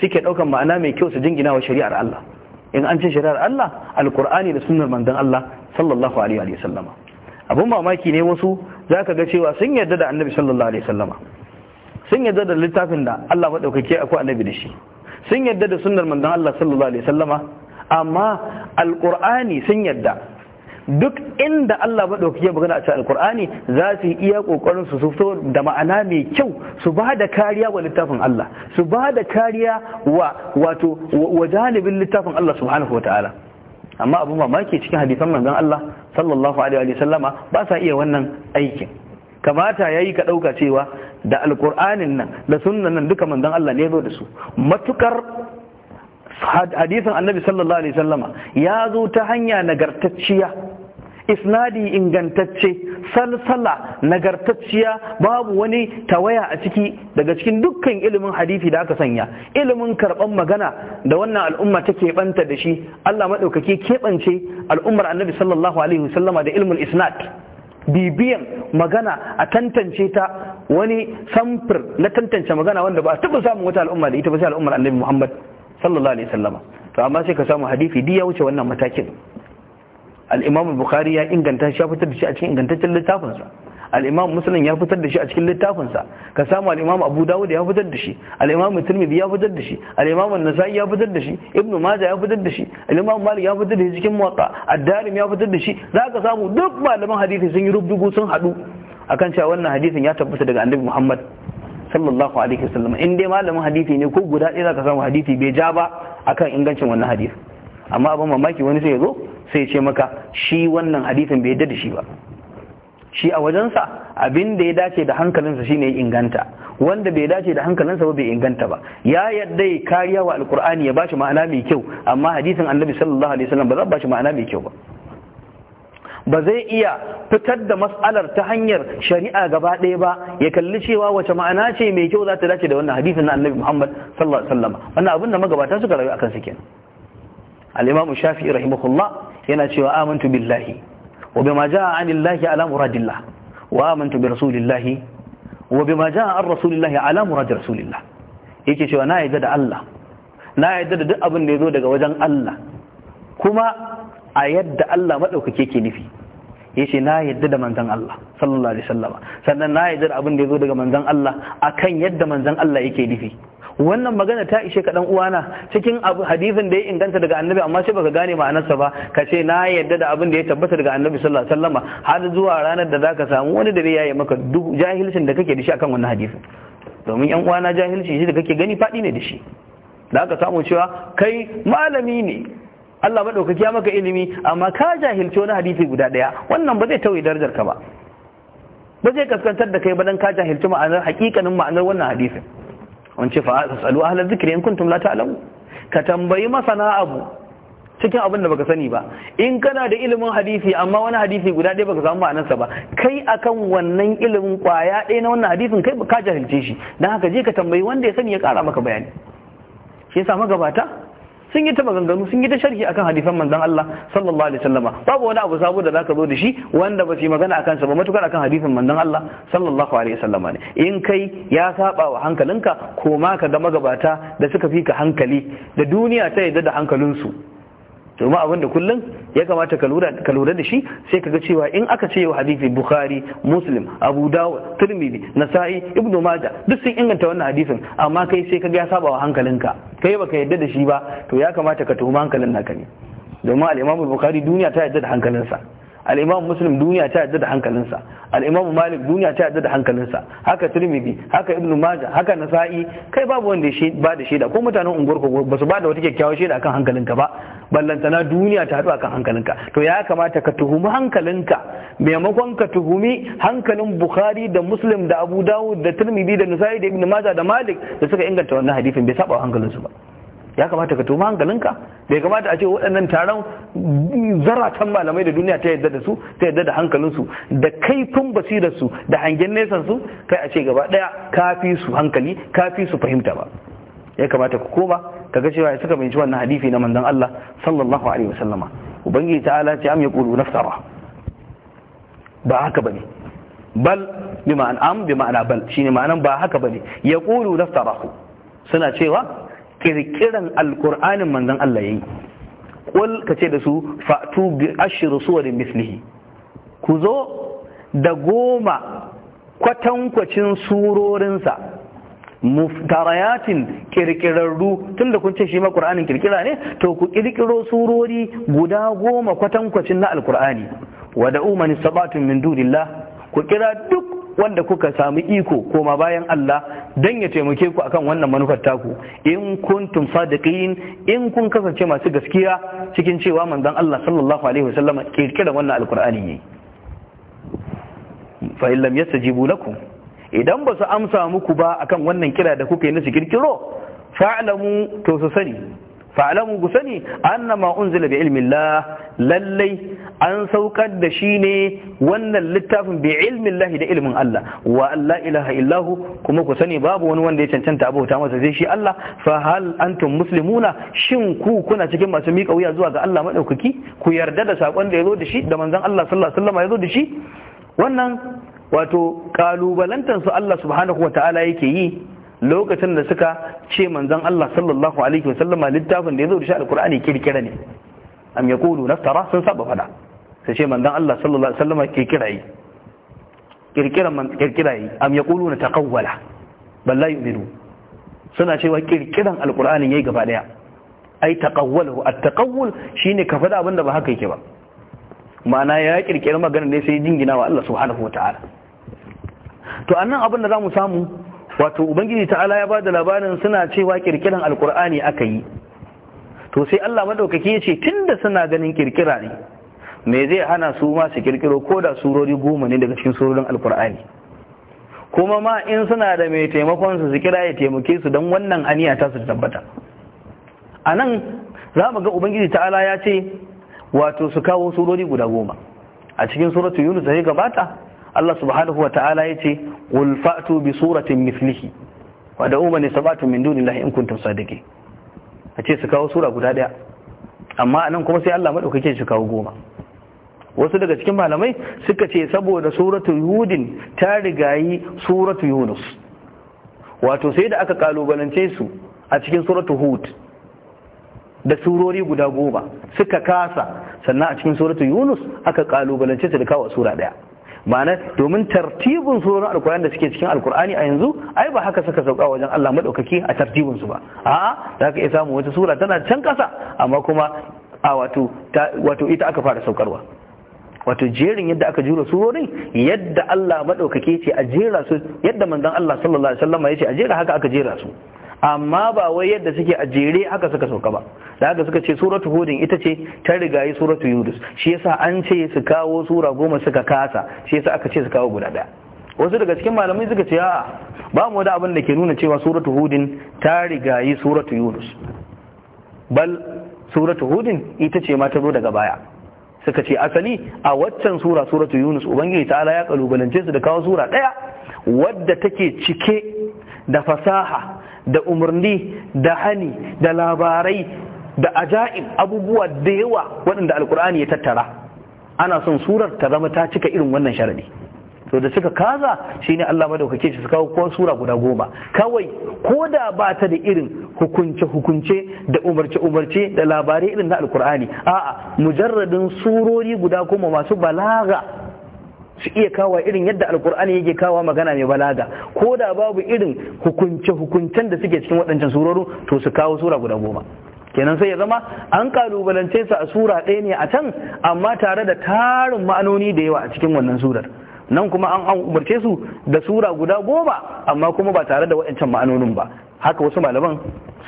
suke daukan ma'ana mai kyau su jingina wa shari'ar Allah in an ce shari'ar Allah alkur'ani da sunnar manzon Allah sallallahu alaihi wa sallama abun mamaki ne wasu za ka ga cewa sun yarda da annabi sallallahu alaihi wa sallama sun yarda da littafin da Allah madaukake akwai annabi da shi sun yarda da sunnar manzon Allah sallallahu alaihi wa sallama amma alkur'ani sun yarda duk inda Allah maɗauki ya magana a cikin alkur'ani za su iya ƙoƙarin su fito da ma'ana mai kyau su ba da kariya wa littafin Allah su ba da kariya wa wato wa janibin littafin Allah subhanahu wa ta'ala amma abin mamaki cikin hadisan manzon Allah sallallahu alaihi wa sallama ba sa iya wannan aikin kamata yayi ka ɗauka cewa da alkur'anin nan da sunnan nan duka manzon Allah ne ya zo da su matukar hadisin annabi sallallahu alaihi wasallama ya zo ta hanya nagartacciya isnadi ingantacce salsala nagartacciya babu wani tawaya a ciki daga cikin dukkan ilimin hadisi da aka sanya ilimin karban magana da wannan al'umma take banta da shi Allah maɗaukaki keɓance al'ummar annabi sallallahu alaihi wasallama da ilmul isnad bibiyan magana a tantance ta wani samfur na tantance magana wanda ba taɓa samun wata al'umma da ita ba sai al'ummar annabi Muhammad sallallahu alaihi wasallama to amma sai ka samu hadisi duk ya wuce wannan matakin al-imam bukhari ya inganta shi ya fitar da shi a cikin ingantaccen littafinsa al-imam muslim ya fitar da shi a cikin littafinsa ka samu al-imam abu dawud ya fitar da shi al-imam tirmidhi ya fitar da shi al-imam an-nasa'i ya fitar da shi ibn majah ya fitar da shi al-imam malik ya fitar da shi cikin muwatta ad-darim ya fitar da shi zaka samu duk malaman hadisi sun yi rubdugu sun hadu akan cewa wannan hadisin ya tabbata daga annabi muhammad sallallahu alaihi wasallam in dai malamin hadisi ne ko guda ɗaya zaka samu hadisi bai ja ba akan ingancin wannan hadisi amma abin mamaki wani sai ya zo sai ce maka shi wannan hadisin bai yadda da shi ba shi a wajensa abin da ya dace da hankalinsa shi ya inganta wanda bai dace da hankalinsa ba bai inganta ba ya yadda ya kariya wa alkur'ani ya bashi ma'ana mai kyau amma hadisin annabi sallallahu alaihi wasallam ba za bashi ma'ana mai kyau ba ba zai iya fitar da mas'alar ta hanyar shari'a gaba ɗaya ba ya kalli cewa wace ma'ana ce mai kyau za ta dace da wannan hadisin na annabi muhammad sallallahu alaihi wasallam wannan abin da magabata suka rayu akan su kenan al-imam shafi'i rahimahullah yana cewa amintu billahi wa bima jaa anillahi ala muradillah wa amantu bi rasulillahi wa bima jaa an rasulillah ala murad rasulillah yake cewa na yadda da Allah na yadda da duk abin da yazo daga wajen Allah kuma a yadda Allah madaukake ke nufi yace na yadda da manzon Allah sallallahu alaihi wasallam sannan na yadda da abin da yazo daga manzon Allah akan yadda manzon Allah yake nufi wannan magana ta ishe ka uwana cikin hadisin da ya inganta daga annabi amma sai baka gane ma'anarsa ba ka ce na yadda da abin da ya tabbata daga annabi sallallahu alaihi wasallam har zuwa ranar da zaka samu wani da yayi maka duk jahilcin da kake da shi akan wannan hadisin domin yan uwana jahilci shi da kake gani fadi ne da shi da aka samu cewa kai malami ne Allah madaukaki ya maka ilimi amma ka jahilci wani hadisi guda daya wannan ba zai tauye darajar ka ba ba zai kaskantar da kai ba dan ka jahilci ma'anar hakikanin ma'anar wannan hadisin ce fa tsalu ahla dhikri in kuntum la ta'lamu ka tambayi masana abu cikin abin da baka sani ba in kana da ilimin hadisi amma wani hadisi guda ɗaya baka samu ma'anarsa ba kai akan wannan ilimin kwaya ɗaya na wannan hadisin kai ka jahilce shi dan haka je ka tambayi wanda ya sani ya kara maka bayani shi yasa magabata sun yi ta maganganu sun yi ta sharhi akan hadisan manzon Allah sallallahu alaihi wasallam babu wani abu sabo da zaka zo da shi wanda ba su yi magana akan sa ba matukar akan hadisan manzon Allah sallallahu alaihi wasallam ne in kai ya saba wa hankalinka ko ma ka ga magabata da suka fi ka hankali da duniya ta yadda da hankalinsu domin abin da kullum ya kamata ka lura da shi sai ka ga cewa in aka ce wa hadisi bukhari muslim abu dawud tirmidhi nasa'i ibnu majah duk sun inganta wannan hadisin amma kai sai kaga ya saba wa hankalinka kai baka yadda da shi ba to ya kamata ka tuhuma hankalin naka ne domin al-imamu bukhari duniya ta yadda da hankalinsa al-imam muslim duniya ta yadda da hankalinsa al-imam malik duniya ta yadda da hankalinsa haka tirmidhi haka ibnu majah haka nasa'i kai babu wanda shi ba da shaida ko mutanen unguwarku ko ba su ba da wata kyakkyawar shaida akan hankalinka ba ballantana duniya ta haɗu akan hankalinka to ya kamata ka tuhumi hankalinka maimakon ka tuhumi hankalin bukhari da muslim da abu dawud da tirmidhi da nasa'i da ibnu majah da malik da suka inganta wannan hadisin bai saba hankalinsu ba ya kamata ka tuma hankalinka bai kamata a ce waɗannan taron zaratan malamai da duniya ta yadda da su ta yadda da hankalinsu da kaifin basirarsu da hangen nesan su kai a ce gaba ɗaya kafi su hankali kafi su fahimta ba ya kamata ku koma ka ga cewa suka binci wannan hadisi na manzon Allah sallallahu alaihi wasallama ubangiji ta'ala ce am yaqulu naftara ba haka bane bal bima an am bima ana bal shine ma'anan ba haka bane yaqulu naftarahu suna cewa kirkiran alkur'anin manzon Allah yayi kul ka ce da su fatu bi ashr suwarin mislihi ku zo da goma kwatankwacin surorinsa muftarayatin kirkirarru tun da kun ce shi ma ƙur'anin kirkira ne to ku kirkiro surori guda goma kwatankwacin na alkur'ani wa da'u man sabatun min dunillah ku kira duk wanda kuka samu iko koma bayan Allah don ya taimake ku akan wannan manufar taku in kuntum sadiqin in kun kasance masu gaskiya cikin cewa manzon Allah sallallahu alaihi wasallam kirkira wannan alqur'ani ne fa in lam yastajibu lakum idan ba su amsa muku ba akan wannan kira da kuka yi na su kirkiro fa'lamu to su sani fa'alamu ku sani annama unzila bi ilmillah lallai an saukar da shi ne wannan littafin ilmin lahi da ilmin Allah wa Allah ilaha illahu kuma ku sani babu wani wanda ya cancanta abota masa zai shi Allah fa hal antum muslimuna shin ku kuna cikin masu miƙa wuya zuwa ga Allah maɗaukaki? ku yarda da saƙon da ya zo da shi da manzon Allah sallallahu alaihi wasallam zo da shi wannan wato kalubalantar su Allah subhanahu wataala yake yi lokacin da suka ce manzon Allah sallallahu alaihi wasallama littafin da ya zo da shi alkur'ani kirkira ne am yaqulu naftara sun saba fada sai ce manzon Allah sallallahu alaihi wasallama kirkira yi kirkira man kirkira yi am yaqulu na taqawwala Balla la yu'minu suna cewa kirkiran alkur'ani yayi gaba daya ai taqawwalahu at-taqawwul shine ka fada abinda ba haka yake ba ma'ana ya kirkiri magana ne sai jingina wa Allah subhanahu wataala to annan abin da zamu samu wato ubangiji ta ta'ala ya bada labarin suna cewa kirkiran alkur'ani aka yi to sai Allah madaukaki ya ce tunda suna ganin kirkira ne me zai hana su ma su kirkiro ko da surori goma ne daga cikin surorin alkur'ani kuma ma in suna da mai taimakon su su kira ya taimake su don wannan aniya ta su tabbata a nan za mu ga ubangiji ta'ala ya ce wato su kawo surori guda goma a cikin suratu yunus da ya gabata Allah subhanahu wa ta'ala ya ce, fa'tu bi suratin mislihi wa da'u man sabatu min dunillahi in kuntum A ce su kawo sura guda daya amma anan kuma sai Allah madaukake shi kawo goma wasu daga cikin malamai suka ce saboda suratu yudin ta rigayi suratu yunus wato sai da aka kalubalance su a cikin suratu hud da surori guda goma suka kasa sannan a cikin suratu yunus aka kalubalance su da kawo sura daya ma'ana domin tartibin surorin alkur'ani da suke cikin alkur'ani a yanzu ai ba haka suka sauka wajen Allah maɗaukaki a tartibin su ba a'a zaka iya samu wata sura tana can kasa amma kuma a wato wato ita aka fara saukarwa wato jerin yadda aka jura surorin yadda Allah madaukake ce a jera su yadda manzon Allah sallallahu alaihi wasallam ya ce a jera haka aka jera su amma ba wai yadda suke a jere haka suka sauka ba da haka suka ce suratu hudin ita ce ta rigayi suratu yunus shi yasa an ce su kawo sura goma suka kasa shi yasa aka ce su kawo guda daya wasu daga cikin malamai suka ce a'a ba mu da abin da ke nuna cewa suratu hudin ta rigayi suratu yunus bal suratu hudin ita ce ma ta zo daga baya suka ce asali a waccan sura suratu yunus ubangiji ta'ala ya kalubalance su da kawo sura daya wadda take cike da fasaha da umarni da hani da labarai da aja'ib abubuwa da yawa waɗanda alkur'ani ya tattara ana son surar ta zama ta cika irin wannan sharadi to da suka kaza shine Allah madaukake shi su kawo ko sura guda goma kawai ko da ba ta da irin hukunce hukunce da umarce umarce da labarai irin na alkur'ani a'a mujarradin surori guda goma masu balaga su iya kawo irin yadda alkur'ani yake kawo magana mai balaga ko da babu irin hukunce hukuncen da suke cikin waɗancan surorin to su kawo sura guda goma kenan sai ya zama an kalubalance su a sura ɗaya ne a can amma tare da tarin ma'anoni da yawa a cikin wannan surar nan kuma an umarce su da sura guda goma amma kuma ba tare da waɗancan ma'anonin ba haka wasu malaman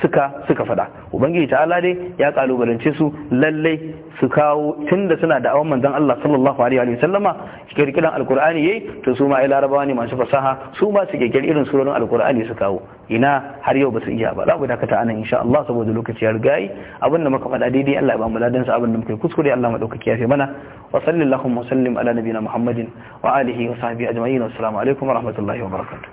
suka suka fada ubangiji ta'ala dai ya kalubalance su lallai su kawo tunda suna da awan manzon Allah sallallahu alaihi wa sallama kirkiran alqur'ani yayi to su ma ai larabawa ne masu fasaha su ma su kirkiri irin surorin alqur'ani su kawo ina har yau ba su iya ba zamu dakata anan insha Allah saboda lokaci ya rigayi abinda muka faɗa daidai Allah ya ba mu ladan sa abinda muka kuskure Allah madaukaki ya fi mana wa sallallahu wa sallim ala nabiyina Muhammadin wa alihi wa sahbihi ajma'in assalamu alaikum wa rahmatullahi wa barakatuh